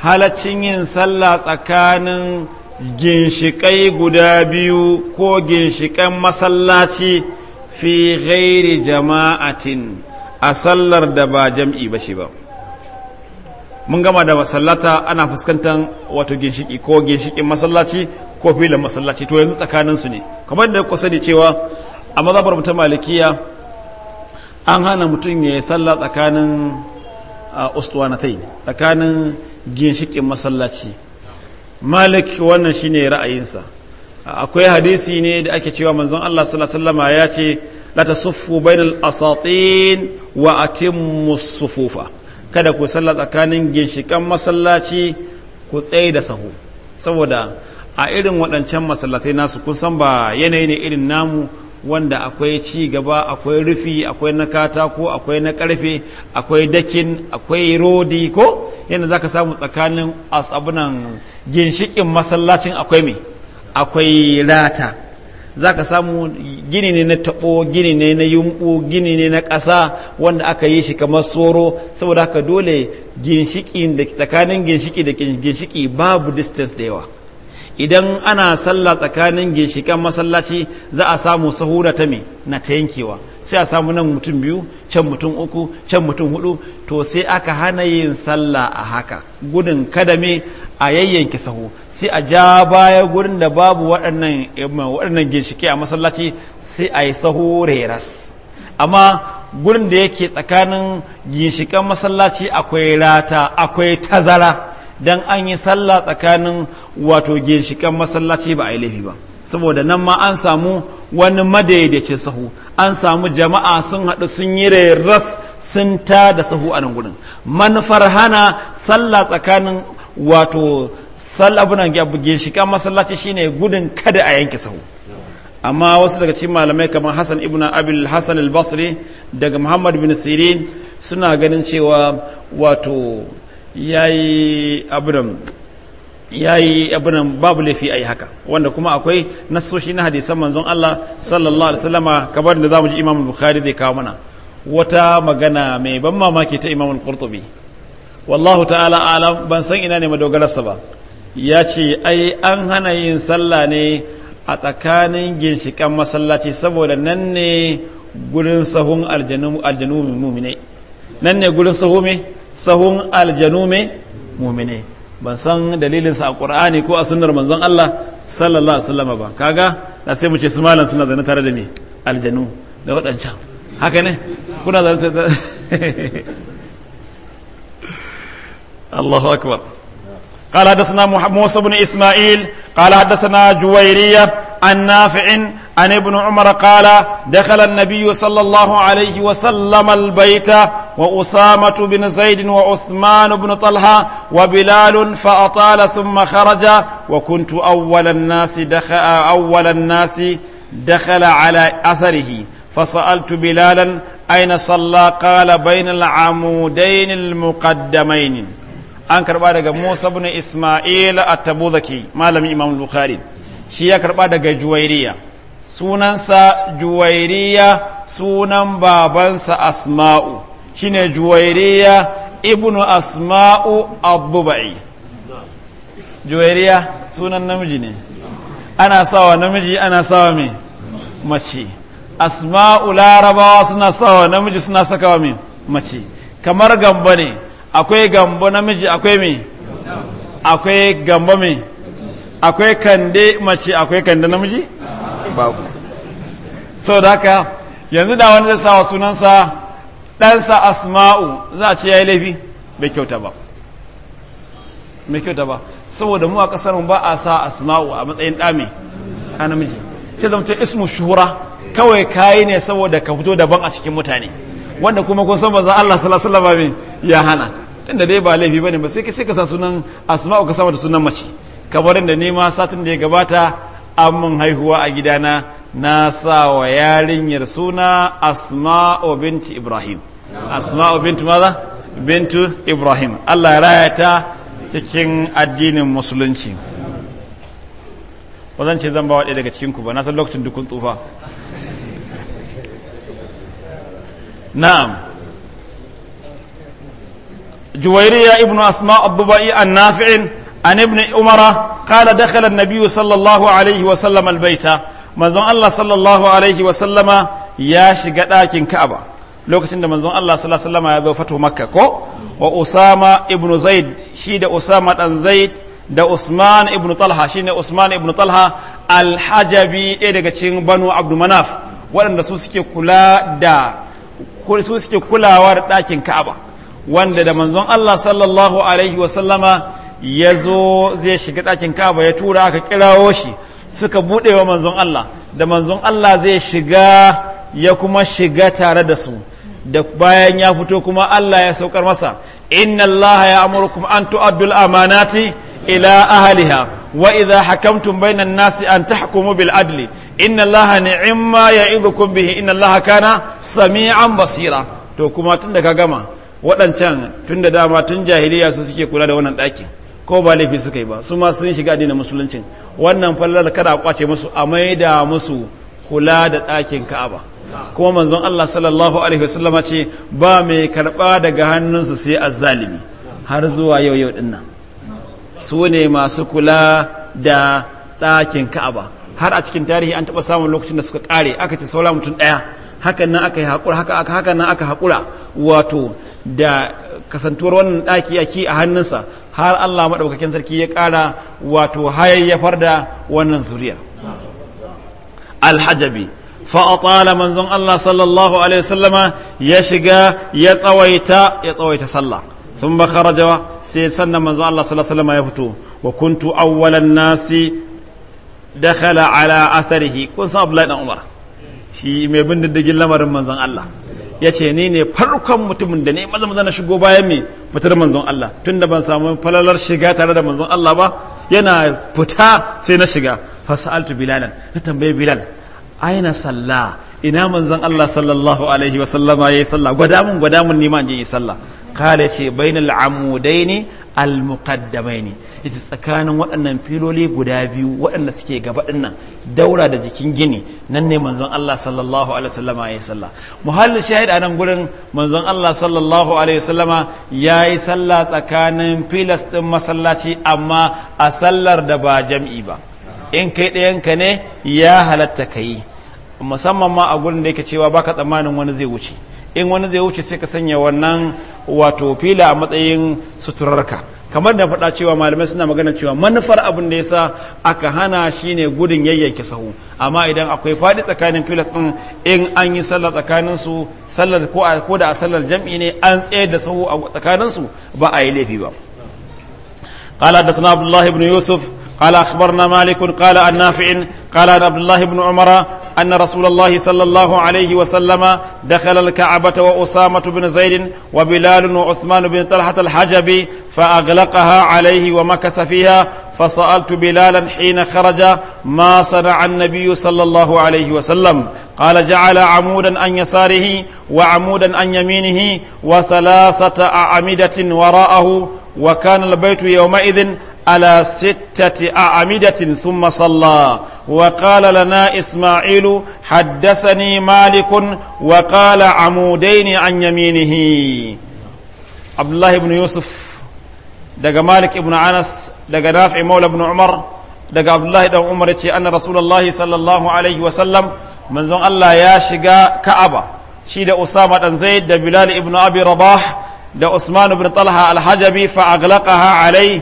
halaccin yin sallah tsakanin ginshiƙai guda biyu ko ginshiƙan masallaci fi ghairi jama'atin a sallar da ba jam'i ba shi ba mun gama da masallata ana fuskantar wato ginshiki ko ginshiƙin masallaci ko filin masallaci to yanzu tsakaninsu ne kamar da ku sani cewa a mazabar mutum malikiya an hana mutum ya yi sallah tsakanin uh, na tsakanin ginshikin masallaci malik wannan shine ra'ayinsa akwai hadisi ne da ake cewa manzon Allah sallallahu alaihi wasallam ya ce la tasuffu bainal asatin wa atimmu sufufa kada ku salla tsakanin ginshikan masallaci ku tsaye da sahu saboda a irin waɗancan masallatai nasu kun san ba yanayi ne irin namu wanda akwai ci gaba akwai rufi akwai na katako akwai na karfe akwai dakin akwai rodi ko yadda za ka samu tsakanin asabunan ginshikin masallacin akwai mai akwai rata za ka samu gini ne na taɓo gini ne na yumɓu gini ne na ƙasa wanda aka yi shi kamar tsoro saboda haka dole ginshikin da tsakanin ginshiki da ginshiki babu distance da yawa idan ana sallah tsakanin ginshikan masallaci za a samu sahura ta me na ta yankewa sai a samu nan mutum biyu can mutum uku can mutum hudu to sai aka hana yin sallah a haka gudun kada me a yayyanki sahu sai a ja baya gurin da babu waɗannan eh, waɗannan ginshike a masallaci sai a yi sahu reras amma gurin da yake tsakanin ginshikan masallaci akwai rata akwai tazara dan an yi sallah tsakanin wato ginshikan masallaci ba a yi laifi ba saboda nan ma an samu wani madaidaicin sahu an samu jama'a sun haɗu sun yi ras sun ta da sahu a nan gudun manufar hana sallah tsakanin wato sallabunan ginshikan masallaci shine gudun kada a yanke sahu amma wasu daga cikin malamai kamar hassan ibn abil hassan al-basri daga muhammad bin sirin suna ganin cewa wato yayi abram yayi abram babu lafi ai haka wanda kuma akwai nasoshi na hadisan manzon Allah sallallahu alaihi wasallama kamar da zamu ji Imam Bukhari zai kawo mana wata magana mai ban mamaki ta Imam Al-Qurtubi wallahu ta'ala alam ban san ina ne madogararsa ba ya ce ai an hana yin sallah ne a tsakanin ginshikan masallaci saboda nan ne gurin sahun aljanu mumine nan ne gurin sahu sahun aljanu mai mumine ban san dalilinsa a ƙur'ani ko a sunar manzon Allah sallallahu alaihi wasallam ba kaga na sai mu ce su malam suna zane tare da ni aljanu da waɗancan haka ne kuna zane tare da Allahu akbar قال حدثنا موسى بن إسماعيل قال حدثنا جويرية عن نافع عن ابن عمر قال دخل النبي صلى الله عليه وسلم البيت وأسامة بن زيد وعثمان بن طلحة وبلال فأطال ثم خرج وكنت أول الناس دخل أول الناس دخل على أثره فسألت بلالا أين صلى قال بين العمودين المقدمين an karba daga Musa ibn Isma'il at-Tabuzaki malami Imam Bukhari shi ya karba daga Juwairiya sunansa Juwairiya sunan babansa Asma'u shine Juwairiya ibn Asma'u Abdubai Juwairiya sunan namiji ne ana sawa namiji ana sawa me mace Asma'u Larabawa suna sawa namiji suna sakawa me mace kamar gamba ne akwai gambo namiji akwai me akwai gambo me akwai kande mace akwai kande namiji babu sau da haka yanzu da wani zai sawa sunansa ɗansa asma'u za a ce ya yi laifi bai kyauta ba mai kyauta ba saboda mu a ƙasar ba a sa asma'u a matsayin ɗami a namiji sai zama ce ismu shura kawai kayi ne saboda ka fito daban a cikin mutane wanda kuma kun san manzon Allah sallallahu alaihi wasallam ya hana tunda dai ba laifi bane ba sai ka sai ka sa sunan asma'u ka sama da sunan mace kamar inda ni ma satin da ya gabata an mun haihuwa a gidana na sa wa yarinyar suna asma'u binti ibrahim asma'u binti maza bintu ibrahim Allah ya raya ta cikin addinin musulunci wazan ce zan ba wa daga cikin ku ba na san lokacin dukun tsufa na'am juwairiya ibnu asma abdubai an nafi'in an ibn umara kala dakhala an-nabiy sallallahu alaihi wa sallam al manzon Allah sallallahu alaihi wa sallama ya shiga ɗakin Ka'aba lokacin da manzon Allah sallallahu alaihi ya zo fatu maka ko wa Usama ibn Zaid shi da Usama dan Zaid da Usman ibn Talha shi ne Usman ibnu Talha alhajabi ɗaya daga cikin Banu Abdul Manaf waɗanda su suke kula da ko su suke kulawa da ɗakin ka'aba wanda da manzon Allah sallallahu alaihi wasallama ya zo zai shiga ɗakin ka'aba ya tura aka kirawo shi suka buɗe wa manzon Allah da manzon Allah zai shiga ya kuma shiga tare da su da bayan ya fito kuma Allah ya saukar masa inna Allah ya amurkum an tu'addul amanati ila ahliha wa idha hakamtum bainan nasi an tahkumu bil adli inna allaha ni'imma ya'idukum bihi inna allaha kana sami'an basira to kuma tun da ka gama waɗancan tun da dama tun jahiliya su suke kula da wannan daki ko ba laifi suka yi ba su ma sun shiga addinin musulunci wannan fallar kada kwace musu a maida musu kula da ɗakin ka'aba kuma manzon Allah sallallahu alaihi wasallama ce ba mai karɓa daga hannunsu sai azzalimi har zuwa yau yau dinnan su ne masu kula da ɗakin ka'aba har a cikin tarihi an taɓa samun lokacin da suka ƙare aka ce saura mutum ɗaya hakan nan aka yi haƙura hakan nan aka haƙura wato da kasantuwar wannan ɗaki a ki a hannunsa har Allah maɗaukakin sarki ya ƙara wato hayayyafar da wannan zuriya alhajabi fa'atala manzon Allah sallallahu alaihi sallama ya shiga ya tsawaita ya tsawaita sallah sun ba kharaja sai sannan manzon Allah sallallahu alaihi ya fito wa kuntu awwalan nasi dakhala ala asarihi kun san abdullahi dan umar shi mai bin diddigin lamarin manzon Allah ya ni ne farkon mutumin da ne maza maza na shigo bayan mai fitar manzon Allah tunda ban samu falalar shiga tare da manzon Allah ba yana fita sai na shiga sa'altu bilal na tambaye bilal aina salla ina manzon Allah sallallahu alaihi wa sallama yayi sallah gwada mun gwada mun nima je yi sallah kala ce bainal amudai ne ne ita tsakanin waɗannan filoli guda biyu waɗanda suke gaba ɗinnan daura da jikin gini nan ne manzon Allah sallallahu alaihi wasallama ya yi muhallin shahid a nan gurin manzon Allah sallallahu alaihi wasallama ya yi sallah tsakanin filas ɗin masallaci amma a sallar da ba jam'i ba in kai ɗayanka ne ya halatta ka yi musamman ma a gurin da yake cewa baka tsammanin wani zai wuce in wani zai wuce sai ka sanya wannan wato fila a matsayin suturarka kamar da faɗa cewa malamai suna magana cewa manufar abin da ya sa aka hana shine gudun yayyanke sahu amma idan akwai faɗi tsakanin filas ɗin in an yi sallar tsakanin su sallar ko a ko da a sallar jam'i ne an tsayar da sahu a tsakanin su ba a yi laifi ba qala da عبد abdullahi ibn Yusuf. قال أخبرنا مالك قال عن نافع قال عن عبد الله بن عمر أن رسول الله صلى الله عليه وسلم دخل الكعبة وأسامة بن زيد وبلال وعثمان بن طلحة الحجبي فأغلقها عليه ومكث فيها فسألت بلالا حين خرج ما صنع النبي صلى الله عليه وسلم قال جعل عمودا عن يساره وعمودا عن يمينه وثلاثة أعمدة وراءه وكان البيت يومئذ على ستة أعمدة ثم صلى وقال لنا إسماعيل حدثني مالك وقال عمودين عن يمينه عبد الله بن يوسف دق مالك بن أنس دق نافع مولى بن عمر دق عبد الله بن عمر أن رسول الله صلى الله عليه وسلم من زون الله يا شقا كعبة شيد أسامة بن زيد دا بلال بن أبي رباح دا عثمان بن طلحة الحجبي فأغلقها عليه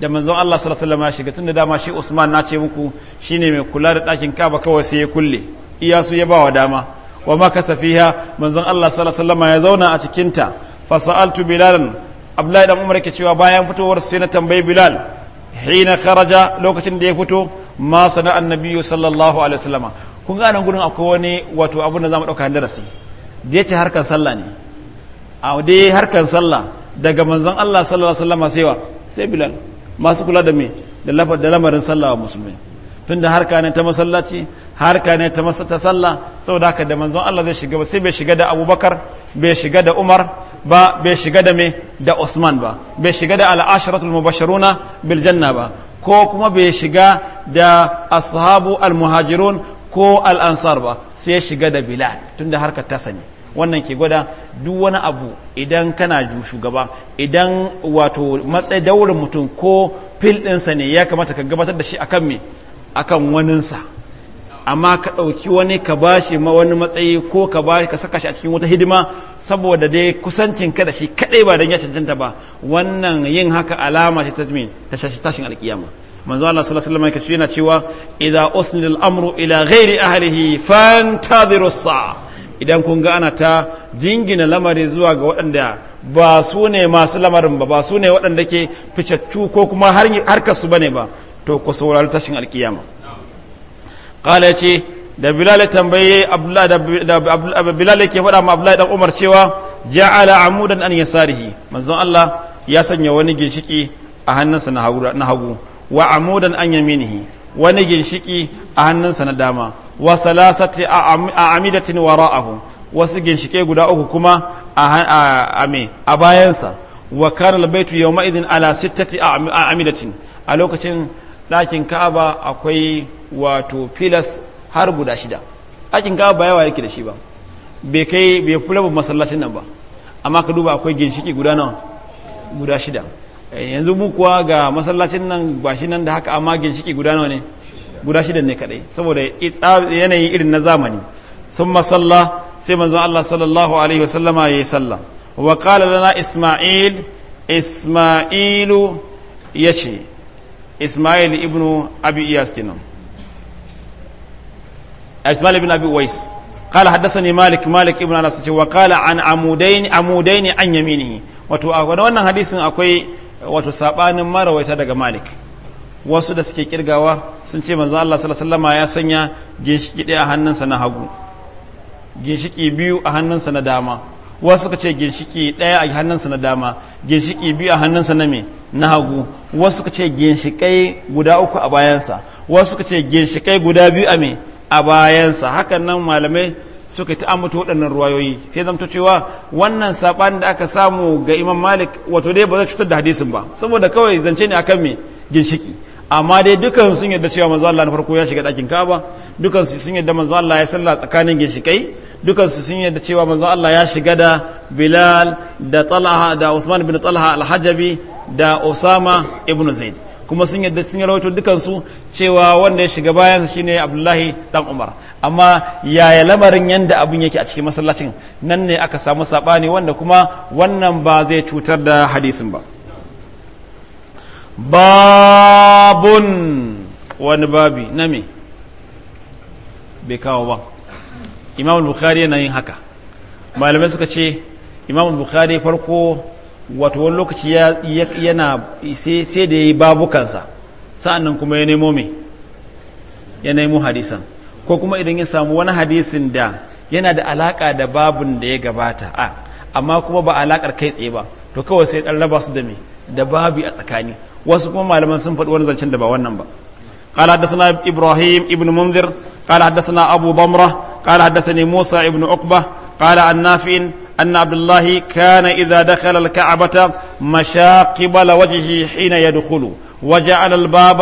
da manzon Allah sallallahu alaihi wasallam ya shiga tunda dama shi Usman na ce muku shine mai kula da ɗakin Ka'aba kawai sai ya kulle iya su ya bawa dama wa ma kasa fiha manzon Allah sallallahu alaihi wasallam ya zauna a cikin ta fa sa'altu bilalan Abdullahi dan Umar yake cewa bayan fitowar sai na tambayi Bilal hina kharaja lokacin da ya fito ma sana annabi sallallahu alaihi wasallam kun ga nan gurin akwai wani wato abun da zamu dauka darasi da yace harkan sallah ne a dai harkan sallah daga manzon Allah sallallahu alaihi wasallam sai wa sai Bilal masu kula da me da lamarin sallah wa musulmi tun da harka ne ta masallaci harka ne ta ta sallah saboda haka da manzon Allah zai shiga sai bai shiga da Abubakar bai shiga da Umar ba bai shiga da me da Usman ba bai shiga da al'asharatul ashratul mubashiruna bil janna ba ko kuma bai shiga da ashabu al-muhajirun ko al-ansar ba sai shiga da Bilal tunda harka ta sani wannan ke gwada duk wani abu idan kana ju shugaba idan wato matsayi daurin mutum ko fil ɗinsa ne ya kamata ka gabatar da shi akan me akan waninsa amma ka ɗauki wani ka ba shi ma wani matsayi ko ka ba ka saka shi a cikin wata hidima saboda dai kusancin ka da shi kaɗai ba don ya cancanta ba wannan yin haka alama ce ta tashin alkiyama manzo Allah sallallahu alaihi wasallam yake yana cewa idza usnil amru ila ghairi ahlihi fantadhiru saa idan kun ga ana ta jingina lamari zuwa ga waɗanda ba su ne masu lamarin ba ba su ne waɗanda ke ficaccu ko kuma harkar su bane ba to ku saurari tashin alkiyama qala ce da bilal tambaye da bilal yake faɗa ma abdullahi dan umar cewa ja'ala amudan an yasarihi manzon Allah ya sanya wani ginshiki a hannunsa na hagu wa amudan an yaminihi wani ginshiki a hannunsa na dama wa salasati a'amidatin wara'ahu wasu ginshike guda uku kuma a a bayansa wa kana albaitu yawma idhin ala sittati a a lokacin ɗakin Ka'aba akwai wato filas har guda shida ɗakin Ka'aba ba yawa yake da shi ba bai kai bai fi ba masallacin nan ba amma ka duba akwai ginshike guda nan guda shida eh, yanzu mu kuwa ga masallacin nan ba shi nan da haka amma ginshike guda nawa ne guda shida ne kadai saboda yanayi irin na zamani sun masalla sai manzon Allah sallallahu alaihi wasallama yayi sallah wa kala lana isma'il isma'ilu yace isma'il ibn abi iyas kenan isma'il ibn abi wais Malik malik ibn مالك ce wa kala an عمودين عمودين an يمينه wato a wannan hadisin akwai wato sabanin marawaita daga malik wasu da suke kirgawa sun ce manzo Allah sallallahu alaihi ya sanya ginshiki ɗaya a hannunsa na hagu ginshiki biyu a hannunsa na dama wasu suka ce ginshiki ɗaya a hannunsa na dama ginshiki biyu a hannunsa na me na hagu wasu suka ce ginshikai guda uku a bayansa wasu suka ce ginshikai guda biyu a me a bayansa hakan nan malamai suka ta ambata waɗannan ruwayoyi sai zamto cewa wannan saɓanin da aka samu ga imam malik wato dai ba zai cutar da hadisin ba saboda kawai zance ne akan me ginshiki amma dai dukan sun yadda cewa manzo Allah na farko ya shiga dakin Ka'aba dukan su sun yadda manzo Allah ya salla tsakanin ginshikai dukan su sun yadda cewa manzo Allah ya shiga da Bilal da Talha da Usman bin Talha al-Hajabi da Osama ibn Zaid kuma sun yadda sun rawaito dukan su cewa wanda ya shiga bayan shine Abdullahi dan Umar amma yaya lamarin yanda abun yake a cikin masallacin nan ne aka samu sabani wanda kuma wannan ba zai cutar da hadisin ba babun wani babi na me bai kawo ba imam bukhari yana yin haka malamai suka ce imam bukhari farko wato wani lokaci yana sai da ya yi babukansa sa'annan kuma ya nemo me ya nemo hadisan ko kuma idan ya samu wani hadisin da yana da alaka da babun da ya gabata a amma kuma ba alakar kai tsaye ba to kawai sai dan raba da me da babi a tsakani wasu kuma malaman sun faɗi wani zancen da ba wannan ba قال حدثنا إبراهيم ابن منذر قال حدثنا أبو ضمرة قال حدثني موسى ابن عقبة قال عن نافع أن عبد الله كان إذا دخل الكعبة مشى قبل وجهه حين يدخل وجعل الباب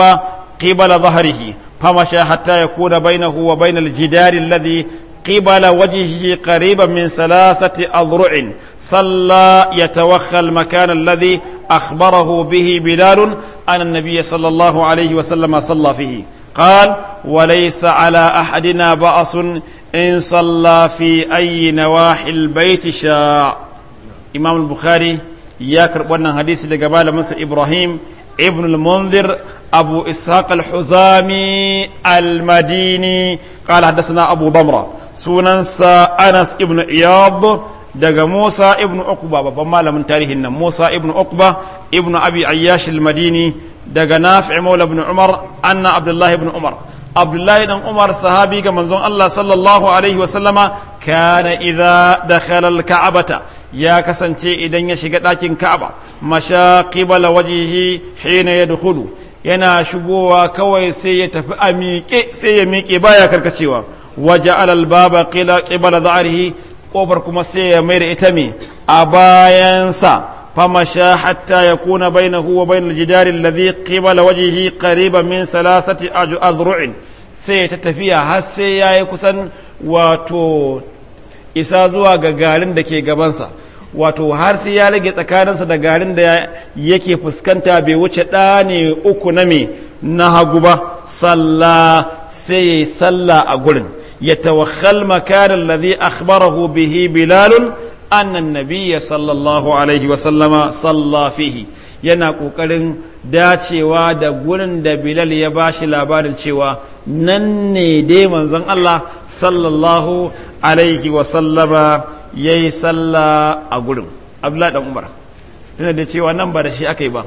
قبل ظهره فمشى حتى يكون بينه وبين الجدار الذي قبل وجهه قريبا من ثلاثة أذرع صلى يتوخى المكان الذي أخبره به بلال أن النبي صلى الله عليه وسلم صلى فيه قال وليس على أحدنا بأس إن صلى في أي نواحي البيت شاء إمام البخاري يكرب wannan hadisi daga malaminsa Ibrahim ibn al-Munzir أبو إسحاق الحزامي المديني قال حدثنا أبو ضمرة سننسى أنس ابن إياب daga Musa ibn Uqba babban malamin tarihin nan Musa ibn Uqba ibn Abi Ayyash al-Madini daga Nafi' Maula ibn Umar anna Abdullah ibn Umar abdullahi dan Umar sahabi ga manzon Allah sallallahu alaihi wa sallama kana idza dakhala al-Ka'bata ya kasance idan ya shiga dakin Ka'aba masha qibala wajhihi hina yadkhulu yana shigowa kawai sai ya tafi a miƙe sai ya miƙe baya karkacewa waje alal baba qila qibala dha'rihi kofar kuma sai ya mai da ita me a bayansa famasha hatta ya kuna bainahu wa da zai alladhi waje shi ƙariba min salasati azru'in sai ta tafiya har sai yi kusan wato isa zuwa ga garin da ke gabansa wato har sai ya rage tsakaninsa da garin da yake fuskanta bai wuce ɗane uku na me na hagu ba sallah sai ya yi sallah a gurin ya المكان الذي أخبره به بلال أن النبي صلى الله عليه وسلم sallafihi yana kokarin dacewa da gurin da Bilal ya ba shi labarin cewa nan ne dai manzon Allah sallallahu alaihi wasallama ya yi sallah a gurin abdullahi umar tunda da cewa nan ba da shi aka yi ba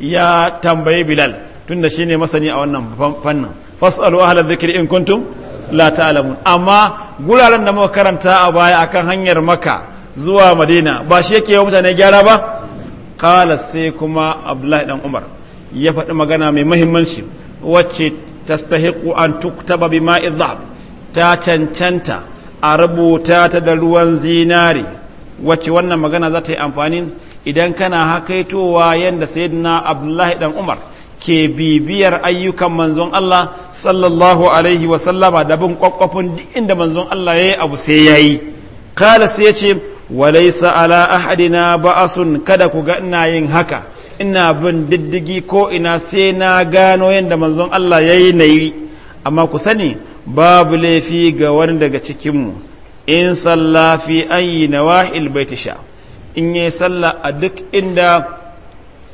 ya tambayi Bilal tunda shi ne masani a wannan fannin fasalu ahla dhikri in kuntum la ta'lamun amma guraren da muka karanta a baya akan hanyar maka zuwa madina ba shi yake yawan mutane gyara ba qala sai kuma abdullahi dan umar ya faɗi magana mai muhimmanci wacce tastahiqu an tuktaba ma'i ta cancanta a rubuta ta da ruwan zinari wacce wannan magana za ta yi amfani idan kana hakaitowa yadda sayyidina abdullahi dan umar ke bibiyar ayyukan manzon Allah sallallahu alaihi wa sallama da bin kwakwafin duk inda manzon Allah ya yi abu sai ya yi kala sai ya ce walaisa ala ahadina ba'asun kada ku ga ina yin haka ina bin diddigi ko ina sai na gano yadda manzon Allah ya yi na yi amma ku sani babu laifi ga wani daga cikinmu in sallafi yi na wahil bai in yi sallah a duk inda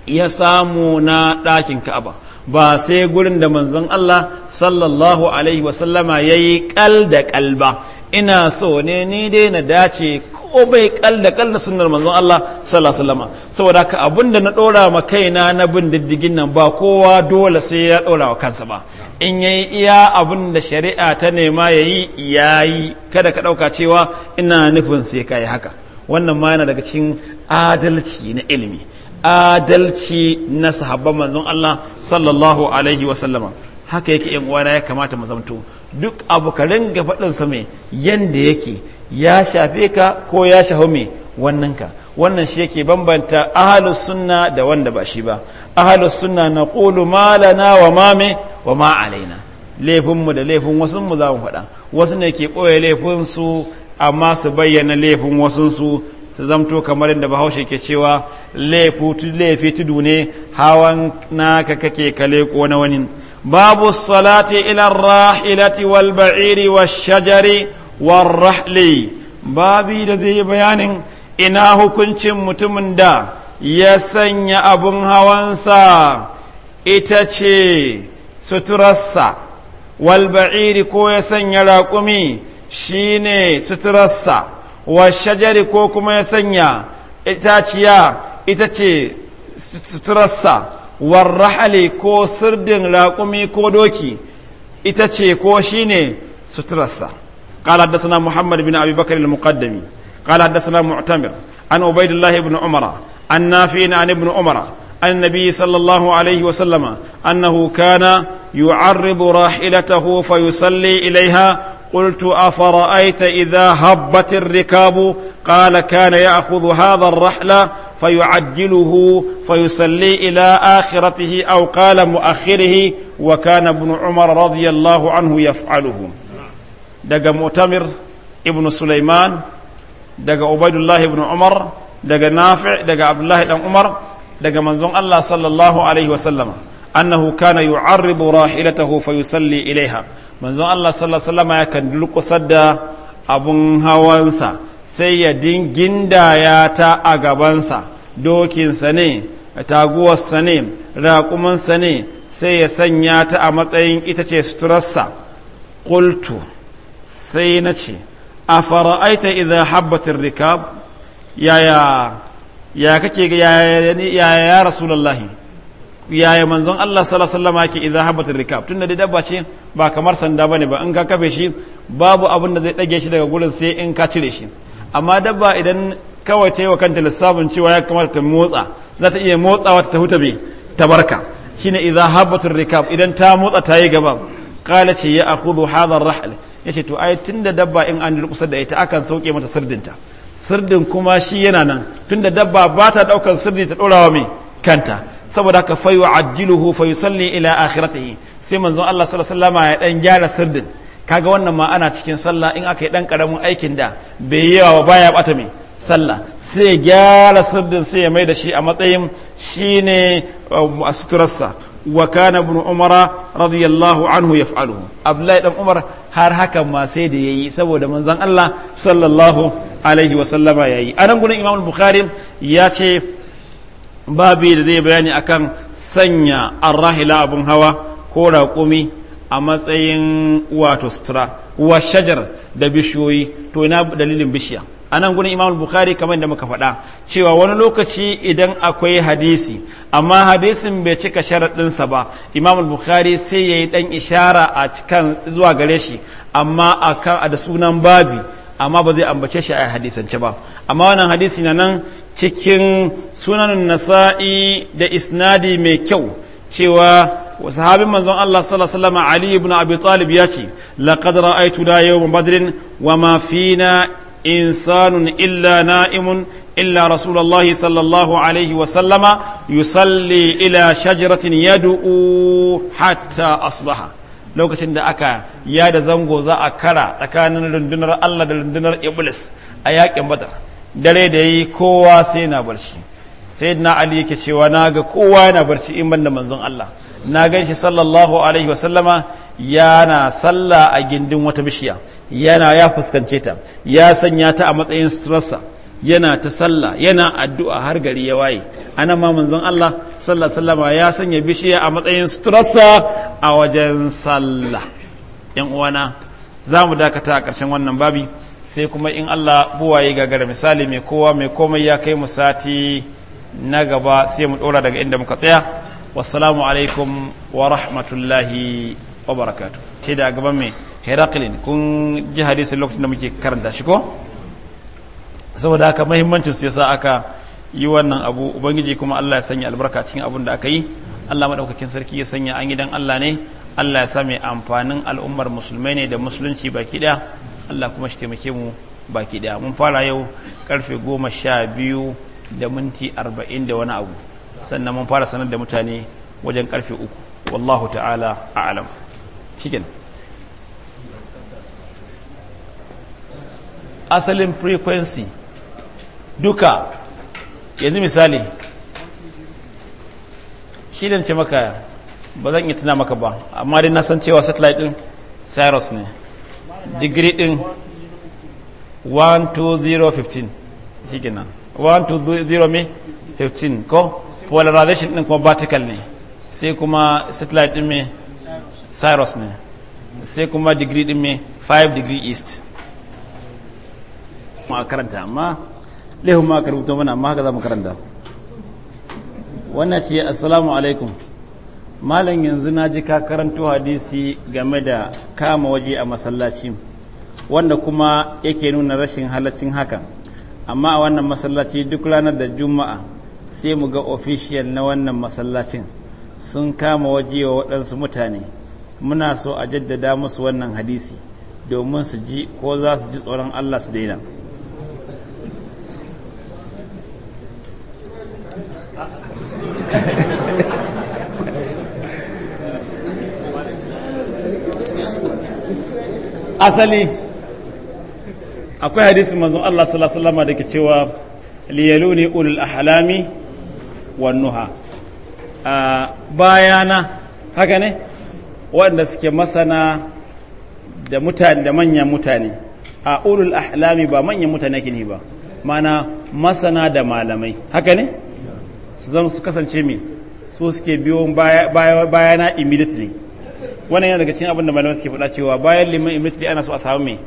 ya samu na ɗakin ka'aba ba sai gurin da manzon Allah sallallahu alaihi wasallama ya yi ƙal da ƙal ba ina so ne ni dai na dace ko bai ƙal da ƙal da sunnar manzon Allah sallallahu alaihi saboda haka abin da na ɗora ma kaina na bin diddigin nan ba kowa dole sai ya ɗora kansa ba in yayi iya abin da shari'a ta nema ya yi ya yi kada ka ɗauka cewa ina nufin sai ka yi haka wannan ma yana daga cikin adalci na ilimi adalci na sahabban manzon Allah sallallahu alaihi wasallama haka yake yan uwana ya kamata mu zamto duk abu ka ringa faɗin sa mai yanda yake ya shafe ka ko ya shafe me wannan ka wannan shi yake bambanta ahlus sunna da wanda ba shi ba ahlus sunna naqulu ma lana wa ma me wa ma alaina laifinmu da laifin wasunmu za mu faɗa wasu ne ke ɓoye laifinsu amma su bayyana laifin su. su zamto kamar yadda bahaushe ke cewa laifi tudu ne hawan naka kake kale ko na wani babu salati ila rahilati wal ba'iri wa shajari wa rahli babi da zai yi bayanin ina hukuncin mutumin da ya sanya abun hawansa ita ce suturarsa wal ba'iri ko ya sanya raƙumi ne suturarsa wa shajari ko kuma ya sanya itaciya ita ce suturarsa warrahale ko sirdin raƙumi ko doki ita ce ko shine ne suturarsa ƙala da suna muhammad bin abubakar al-muqaddami ƙala da suna mu'tamir an ubaidullahi ibn umara an nafi na an ibn umara an nabi sallallahu alaihi wasallama annahu kana yu'arribu rahilatahu fa yu yusalli ilaiha قلت أفرأيت إذا هبت الركاب قال كان يأخذ هذا الرحل فيعجله فيصلي إلى آخرته أو قال مؤخره وكان ابن عمر رضي الله عنه يفعله دقى مؤتمر ابن سليمان دقى عبيد الله بن عمر دقى نافع دقى عبد الله بن عمر دقى منزون الله صلى الله عليه وسلم أنه كان يعرض راحلته فيصلي إليها manzon Allah sallallahu alaihi wasallam ya kan lukusar da abun hawansa sai ya ya ta a gabansa dokinsa ne taguwarsa ne raƙumansa ne sai ya sanya ta a matsayin ita ce suturarsa ƙultu sai na ce a fara'aita idan habbatin rikab yaya ya kake yaya ya rasulallahi yaya manzon Allah sallallahu alaihi wasallam yake idza habatul rikab tunda da dabba ce ba kamar sanda bane ba in ka kafe shi babu abin da zai dage shi daga gurin sai in ka cire shi amma dabba idan kawai ta yi wa kanta lissafin cewa ya kamata ta motsa za ta iya motsawa ta huta bi barka shine idza habatul rikab idan ta motsa ta yi gaba qala ce ya akhudhu hadha ar-rahl yace to ai tunda dabba in an kusa da ita akan sauke mata sirdinta sirdin kuma shi yana nan tunda dabba ba ta daukar sirdi ta dorawa mai kanta saboda haka fa yu'ajjiluhu fa yusalli ila akhiratihi sai manzon Allah sallallahu alaihi wasallam ya dan gyara sirdin kaga wannan ma ana cikin sallah in aka yi dan karamin aikin da bai yi yawa baya bata mai sallah sai gyara sirdin sai ya mai da shi a matsayin shine a uh, suturarsa wa kana ibn umara radiyallahu anhu yaf'aluhu abdullahi dan umar har hakan ma sai da yayi saboda manzon Allah sallallahu alaihi wa sallama yayi anan gurin imam bukhari ya ce babi da zai bayani akan sanya arrahila abin hawa ko raƙumi a matsayin wato sutura wa shajar da bishiyoyi to ina dalilin bishiya a nan gudun imam bukhari kamar da muka faɗa cewa wani lokaci idan akwai hadisi amma hadisin bai cika sharaɗinsa ba imamul bukhari sai ya yi ɗan ishara a cikin zuwa gare shi amma a da sunan babi amma ba zai ambace shi a hadisance ba amma wannan hadisi na nan cikin sunanin nasa'i da isnadi mai kyau cewa sahabin manzon Allah sallallahu alaihi wasallam Ali ibn Abi Talib ya ce laqad da yawm badrin wa ma fina insanun illa na'imun illa rasulullahi sallallahu alaihi wasallama yusalli ila shajaratin yad'u hatta asbaha lokacin da aka yada zango za a kara tsakanin rundunar Allah da rundunar Iblis a yakin Badr dare da yi kowa sai na barci sai na ali yake cewa na ga kowa yana barci in ban da manzon Allah na gan shi sallallahu alaihi wasallama yana sallah a gindin wata bishiya yana ya fuskance ta ya sanya ta a matsayin stressa yana ta sallah yana addu'a har gari ya waye anan ma manzon Allah sallallahu alaihi ya sanya bishiya a matsayin stressa a wajen sallah yan uwana za mu dakata a ƙarshen wannan babi sai kuma in Allah buwaye gagara misali mai kowa mai komai ya kai mu sati na gaba sai mu ɗora daga inda muka tsaya wassalamu alaikum wa rahmatullahi wa barakatu ce da gaban mai heraklin kun ji hadisin lokacin da muke karanta shi ko saboda haka mahimmancin su yasa aka yi wannan abu ubangiji kuma Allah ya sanya albarka cikin abin da aka yi Allah madaukakin sarki ya sanya an gidan Allah ne Allah ya sa mai amfanin al'ummar musulmai ne da musulunci baki daya Allah kuma shi taimake mu baki daya mun fara yau karfe goma sha biyu da minti arba'in da wani abu sannan mun fara sanar da mutane wajen karfe uku wallahu ta'ala a alam shikin asalin frequency duka yanzu misali shi ce maka ba zan iya tuna maka ba amma dai na san cewa satellite din cyrus ne digiri din 12015 shi gina 12015 ko polarization din kuma vertical ne sai kuma satellite din mai cyrus ne sai kuma digiri din mai 5 degree east ma karanta amma lehun ma ka rubuta mana amma haka za mu karanta wannan ce assalamu alaikum malam yanzu na ji ka karanto hadisi game da kama waje a masallaci wanda kuma yake nuna rashin halaccin hakan amma a wannan masallaci duk ranar da juma'a sai mu ga ofishiyal na wannan masallacin sun kama waje wa waɗansu mutane muna so a jaddada musu wannan hadisi domin su ji ko za su ji tsoron allah su daina asali akwai hadisi manzon Allah sallallahu alaihi wasallam dake cewa liyaluni ulul ahlami wan nuha bayana haka ne waɗanda suke masana da mutane da manyan mutane a ulul ahlami ba manyan mutane kine ba mana masana da malamai haka ne su zama su kasance mi su suke biyo bayana immediately wannan yana daga cikin abin da malamai suke faɗa cewa bayan liman imitri ana so a samu mai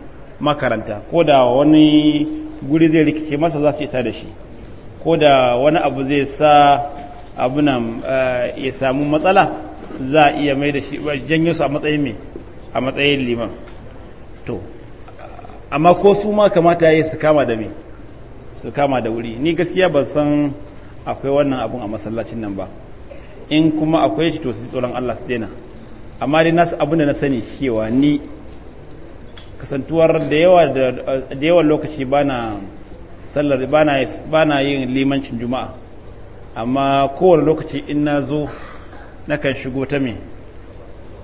makaranta ko da wani guri zai rikice masa za su ita da shi ko da wani abu zai sa abunan eh, ya samu matsala za a iya mai da shi janyo su a matsayin mai a matsayin liman to amma ko su ma kamata ya su kama da mai su kama da wuri ni gaskiya ban san akwai wannan abun a masallacin nan ba in kuma akwai shi to su tsoron Allah su daina amma dai nasu abinda na sani cewa ni kasantuwar da yawa da yawan lokaci ba na yin limancin juma'a amma kowane lokaci in na zo na kan shigo ta me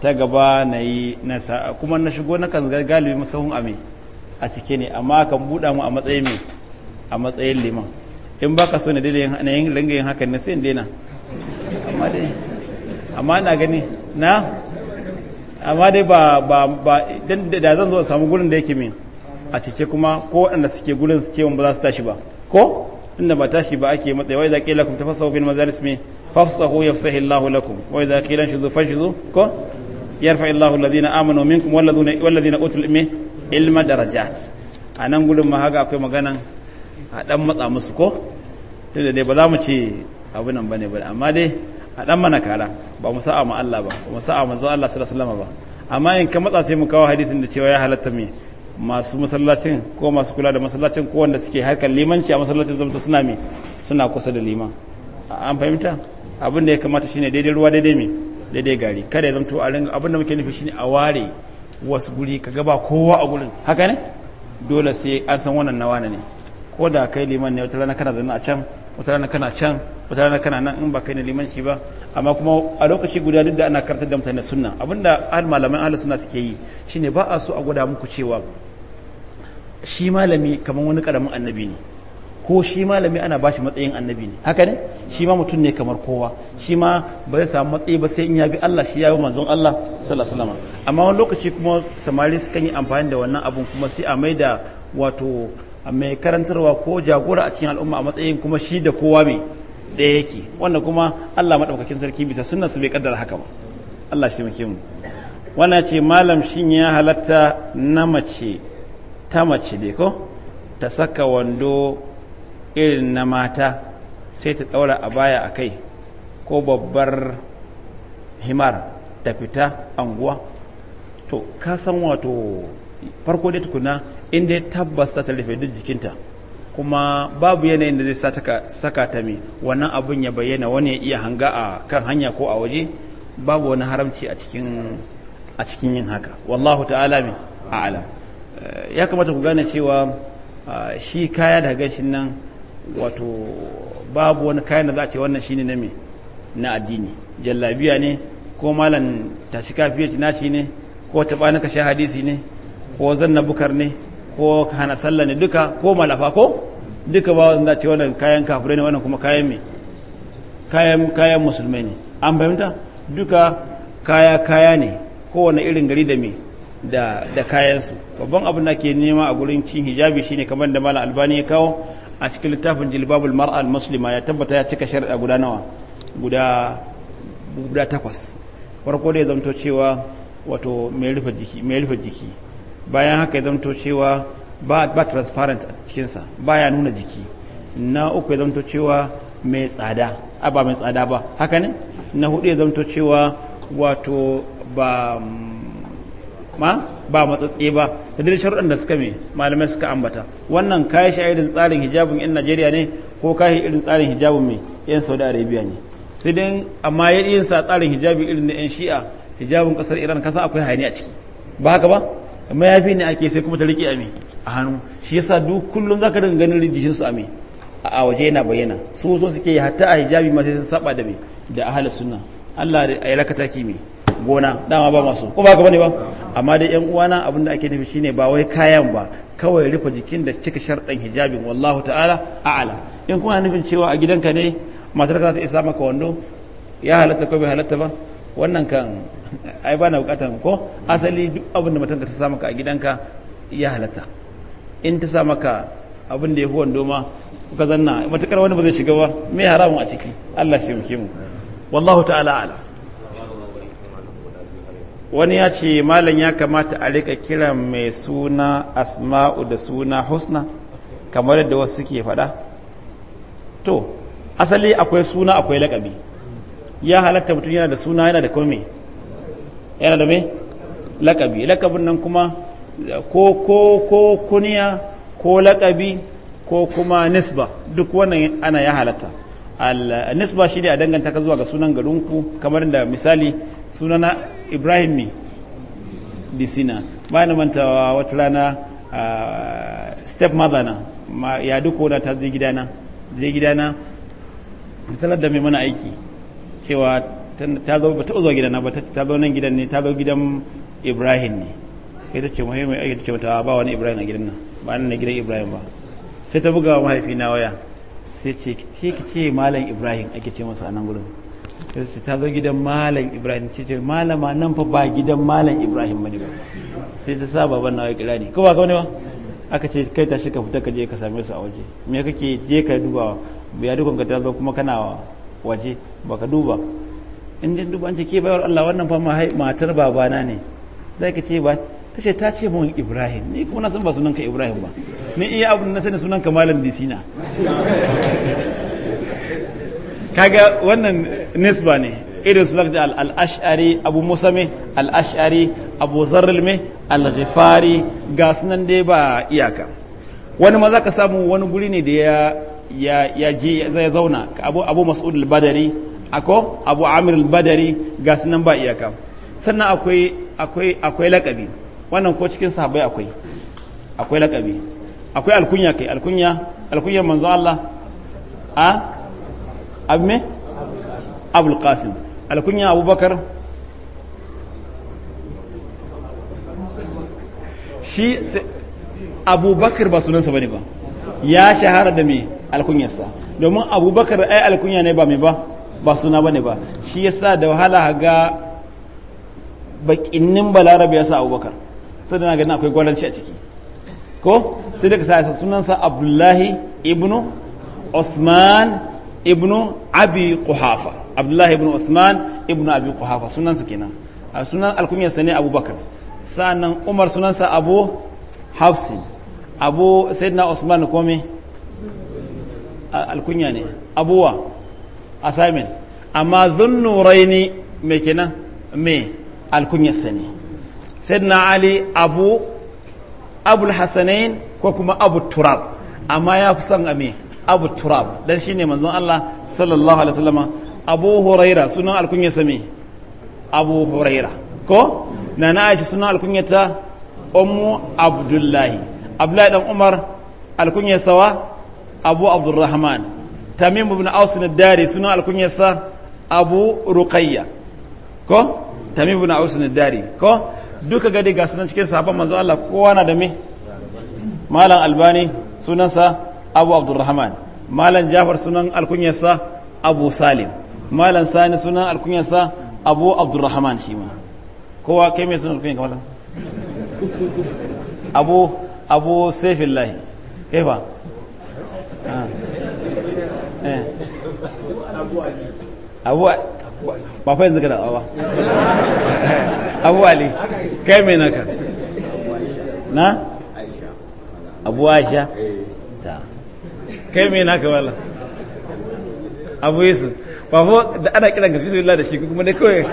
ta gaba na yi nasa kuma na shigo na kan galibi masahun ame a cike ne amma kan buɗa mu a matsayin me a matsayin liman in ba ka so na daidai na yin langayin hakan na sai daina amma dai amma na gani na amma dai ba ba ba da zan zo samu gurin da yake min a cike kuma ko waɗanda suke gurin suke ba za su tashi ba ko inda ba tashi ba ake matsayi wai za ki lakum tafassahu bil mazalis mi fafsahu yafsahu Allahu lakum wai za ki lan shuzu fashuzu ko yarfa Allahu alladhina amanu minkum walladhina walladhina utul ilmi ilma darajat anan gurin ma haka akwai maganan a dan matsa musu ko tunda dai ba za mu ce abu nan bane ba amma dai a dan mana kara ba mu sa'a mu Allah ba mu sa'a manzo Allah sallallahu alaihi wasallam ba amma in ka matsa sai mu kawo hadisin da cewa ya halatta mi masu masallacin ko masu kula da masallacin ko wanda suke harkar limanci a masallacin zamta suna mi suna kusa da liman an fahimta abin da ya kamata shine daidai ruwa daidai mi daidai gari kada ya zamto a ringa abin da muke nufi shine a ware wasu guri ka ba kowa a gurin haka ne dole sai an san wannan nawa ne ko da kai liman ne wata rana kana da a can wata rana kana can wata rana kana nan in ba kai ne limanci ba amma kuma a lokaci guda duk da ana karantar da mutane sunna abinda al malaman ahlus sunna suke yi shine ba a so a gwada muku cewa shi malami kamar wani karamin annabi ne ko shi malami ana bashi matsayin annabi ne haka ne shi ma mutum ne kamar kowa shi ma ba zai samu matsayi ba sai in ya bi Allah shi ya yi manzon Allah sallallahu alaihi amma wani lokaci kuma samari sukan yi amfani da wannan abun kuma sai a maida wato mai karantarwa ko jagora a cikin al'umma a matsayin kuma shi da kowa mai ɗaya yake wannan kuma Allah maɗaukakin sarki bisa sunan su bai kaddara haka ba Allah shi muke mu wannan ce malam shin ya halatta na mace ta mace dai ko ta saka wando irin na mata sai ta ɗaura a baya a kai ko babbar himar ta fita anguwa to ka san wato farko dai tukuna in dai tabbas ta rufe duk jikinta kuma babu yanayin da zai saka ta mai wannan abin ya bayyana wani ya iya hanga a kan hanya ko a waje babu wani haramci a cikin yin haka wallahu ta'ala min a'lam eh, ya kamata ku gane cewa ah, shi kaya da ganshin nan wato babu wani kayan da za a ce wannan shine na me na addini jallabiya ne ko malam tashi kafiyar naci ne ko taɓa na kashe hadisi ne ko zanna bukar ne ko hana sallah ne duka ko malafa ko duka ba wanda ce wannan kayan kafirai ne wannan kuma kayan me kayan kayan musulmai ne an fahimta duka kaya kaya ne kowane irin gari da me da kayansu babban abin da ke nema a gurin cin hijabi shine kamar da malam albani ya kawo a cikin littafin jilbabul mar'a al muslima ya tabbata ya cika shari'a guda nawa guda takwas farko da ya zanto cewa wato mai rufe rufe jiki bayan haka ya zamto cewa ba ba transparent a cikinsa ya nuna jiki na uku ya zamto cewa mai tsada a ba mai tsada ba haka ne na hudu ya zamto cewa wato ba ma ba matsatse ba da dai sharuɗan da suka mai malamai suka ambata wannan kayi shi irin tsarin hijabin yan Najeriya ne ko kayi irin tsarin hijabin mai yan Saudi Arabia ne sai dai amma yin sa tsarin hijabi irin na yan Shi'a hijabin kasar Iran kasa akwai hayani a ciki ba haka ba mayafi ne ake sai kuma ta riƙe a a hannu shi yasa duk kullum zaka daga ganin rijishin su a a waje yana bayyana su so suke yi hatta a hijabi ma sai sun saba da me da ahli sunna Allah da ayi lakata ki me gona dama ba masu ko ba ka bane ba amma da yan uwana abinda ake nufi shine ba wai kayan ba kawai rufe jikin da cika sharɗan hijabin wallahu ta'ala a'ala in kuma nufin cewa a gidanka ne matar ka za ta isa maka wando ya halatta ko bai halatta ba wannan kan ai ba na bukatar ko asali duk abin da matanka ta samu ka a gidanka ya halatta in ta samu ka abin da ya fi wando ma kuka zanna matakar wani ba zai shiga ba mai haramun a ciki Allah shi muke mu wallahu ta'ala ala wani ya ce malam ya kamata a rika kira mai suna asma'u da suna husna kamar yadda wasu suke faɗa to asali akwai suna akwai lakabi ya halatta mutum yana da suna yana da kome yana da me lakabi lakabin nan kuma ko ko ko kuniya ko lakabi ko kuma nisba duk wannan ana ya halatta nisba shi ne a danganta ka zuwa ga sunan garinku kamar da misali sunana ibrahim disina ba na mantawa wata rana step mother na ya duk wadata zai gidana zai gidana talar da mai mana aiki cewa ta zo ba ta zo gidana ba ta zo nan gidan ne ta zo gidan ibrahim ne sai ta ce muhimmi aiki ta ce mata ba wani ibrahim a gidan nan ba nan na gidan ibrahim ba sai ta buga mahaifi na waya sai ce ce ki ce malam ibrahim ake ce masa a nan gurin sai ta zo gidan malam ibrahim ce ce malama nan fa ba gidan malam ibrahim bane ba sai ta sa baban na waya kira ni ko ba ka ne ba aka ce kai tashi ka fita ka je ka same su a waje me kake je ka dubawa ya dukan ka ta zo kuma kana waje baka duba in din duba an ce ke bayar Allah wannan fa matar babana ne zai ka ce ba ta ce ta ce mun Ibrahim ni kuma na san ba sunanka Ibrahim ba ni iya abun na sani sunanka malam Disina kaga wannan nisba ne irin su lakta al-ash'ari abu musa al-ash'ari abu zarril me al-ghifari ga sunan dai ba iyaka wani maza za ka samu wani guri ne da ya ya je zai zauna abu abu mas'ud al-badari ako abu amir al-badari ga sunan ba iyaka sannan akwai akwai akwai lakabi wannan ko cikin sahabbai akwai akwai lakabi akwai alkunya kai alkunya alkunya manzo Allah a abme abul qasim alkunya abubakar shi abubakar ba sunansa bane ba ya shahara da mai alkunyarsa domin abubakar ai alkunya ne ba mai ba ba suna ba ne ba shi ya sa da wahala ga bakinnin balarabe ya sa abubakar sai da na ganin akwai gwalarci a ciki ko sai daga sa sunansa abdullahi ibnu Osman ibnu abi kuhafa abdullahi ibnu Osman ibnu abi kuhafa sunansa kenan sunan alkunyarsa ne abubakar sa'annan umar sunansa abu hafsi abu sayyidina usman kome alkunya ne abuwa asamin amma zunnuraini mai kenan mai alkunyarsa ne sayyidina ali abu abul hasanain ko kuma abu turab amma ya fi son ame abu turab dan shine manzon Allah sallallahu alaihi wasallama abu huraira sunan alkunya sami abu huraira ko na na aisha sunan alkunyata ummu abdullahi abdullahi dan umar alkunyar wa abu abdurrahman tamim ibn aus na dari sunan alkunyar abu ruqayya ko tamim ibn aus na dari ko duka gadi ga sunan cikin sahabban manzo Allah kowa na da me malam albani sunansa abu abdurrahman malam jafar sunan alkunyar abu salim malam sani sunan alkunyar abu abdurrahman shi kowa kai mai sunan alkunyar kamar abu abu saifin lahi kaifa ah. eh. abu ba fa yanzu gada awa, abu ali kai mai naka na abu aisha ta kai mai naka wala abu yusuf ba da ana kiran ga fisbillah da shi kuma da kawai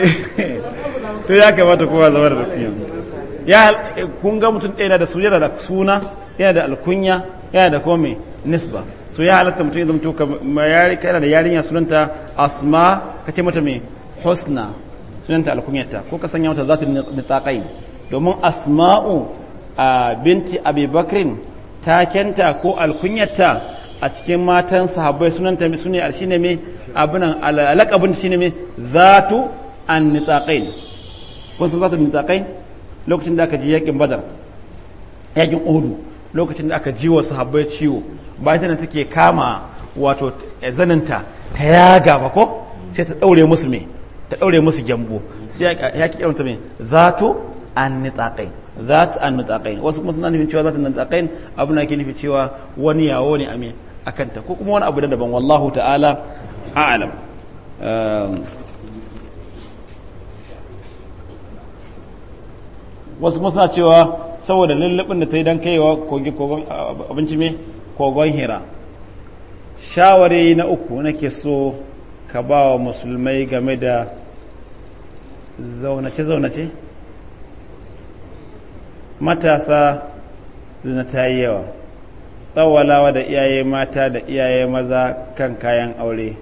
to ya kamata kowa zama da rufi yanzu ya kun ga mutum ɗaya na da suna da suna yana da alkunya yana da kome nisba so ya halatta mutum ya zamto kana da yarinya sunanta asma ka ce mata mai husna sunanta alkunyarta ko ka sanya mata zata nitaƙai domin asma'u a binti abubakrin ta kenta ko alkunyarta a cikin matan sahabbai sunanta mai sune shine mai abinan alaƙabin shine mai zatu an nitaƙai kun san zatu nitaƙai lokacin da aka ji yakin badar yakin odu lokacin da aka ji wa sahabbai ciwo ba ita take kama wato zaninta ta yaga ba ko sai ta daure musu me ta daure musu gyambo sai ya ki kiranta me zatu an nitaqain zatu an nitaqain wasu kuma suna nufin cewa zat an nitaqain abu na ke nufin cewa wani yawo ne a me akanta ko kuma wani abu daban wallahu ta'ala a'lam um, wasu kuma suna cewa saboda lullubin da ta yi don kaiwa kogin kogon abinci mai kogon hira shawari na uku nake so ka ba wa musulmai game da zaunace-zaunace matasa zina ta yi yawa tsawalawa da iyaye mata da iyaye maza kan kayan aure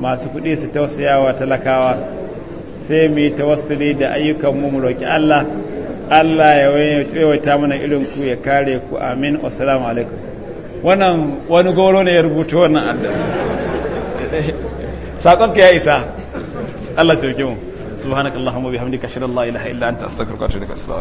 masu kuɗi su tausayawa talakawa sai mu yi tawassuli da ayyukan mu roƙi Allah Allah ya yawaita mana irin ku ya kare ku amin salamu alaikum wannan wani goro ne ya rubuta wannan adda. sakon ka ya isa Allah ya sauke mu subhanakallahumma bihamdika ashhadu an la ilaha illa anta astaghfiruka wa atubu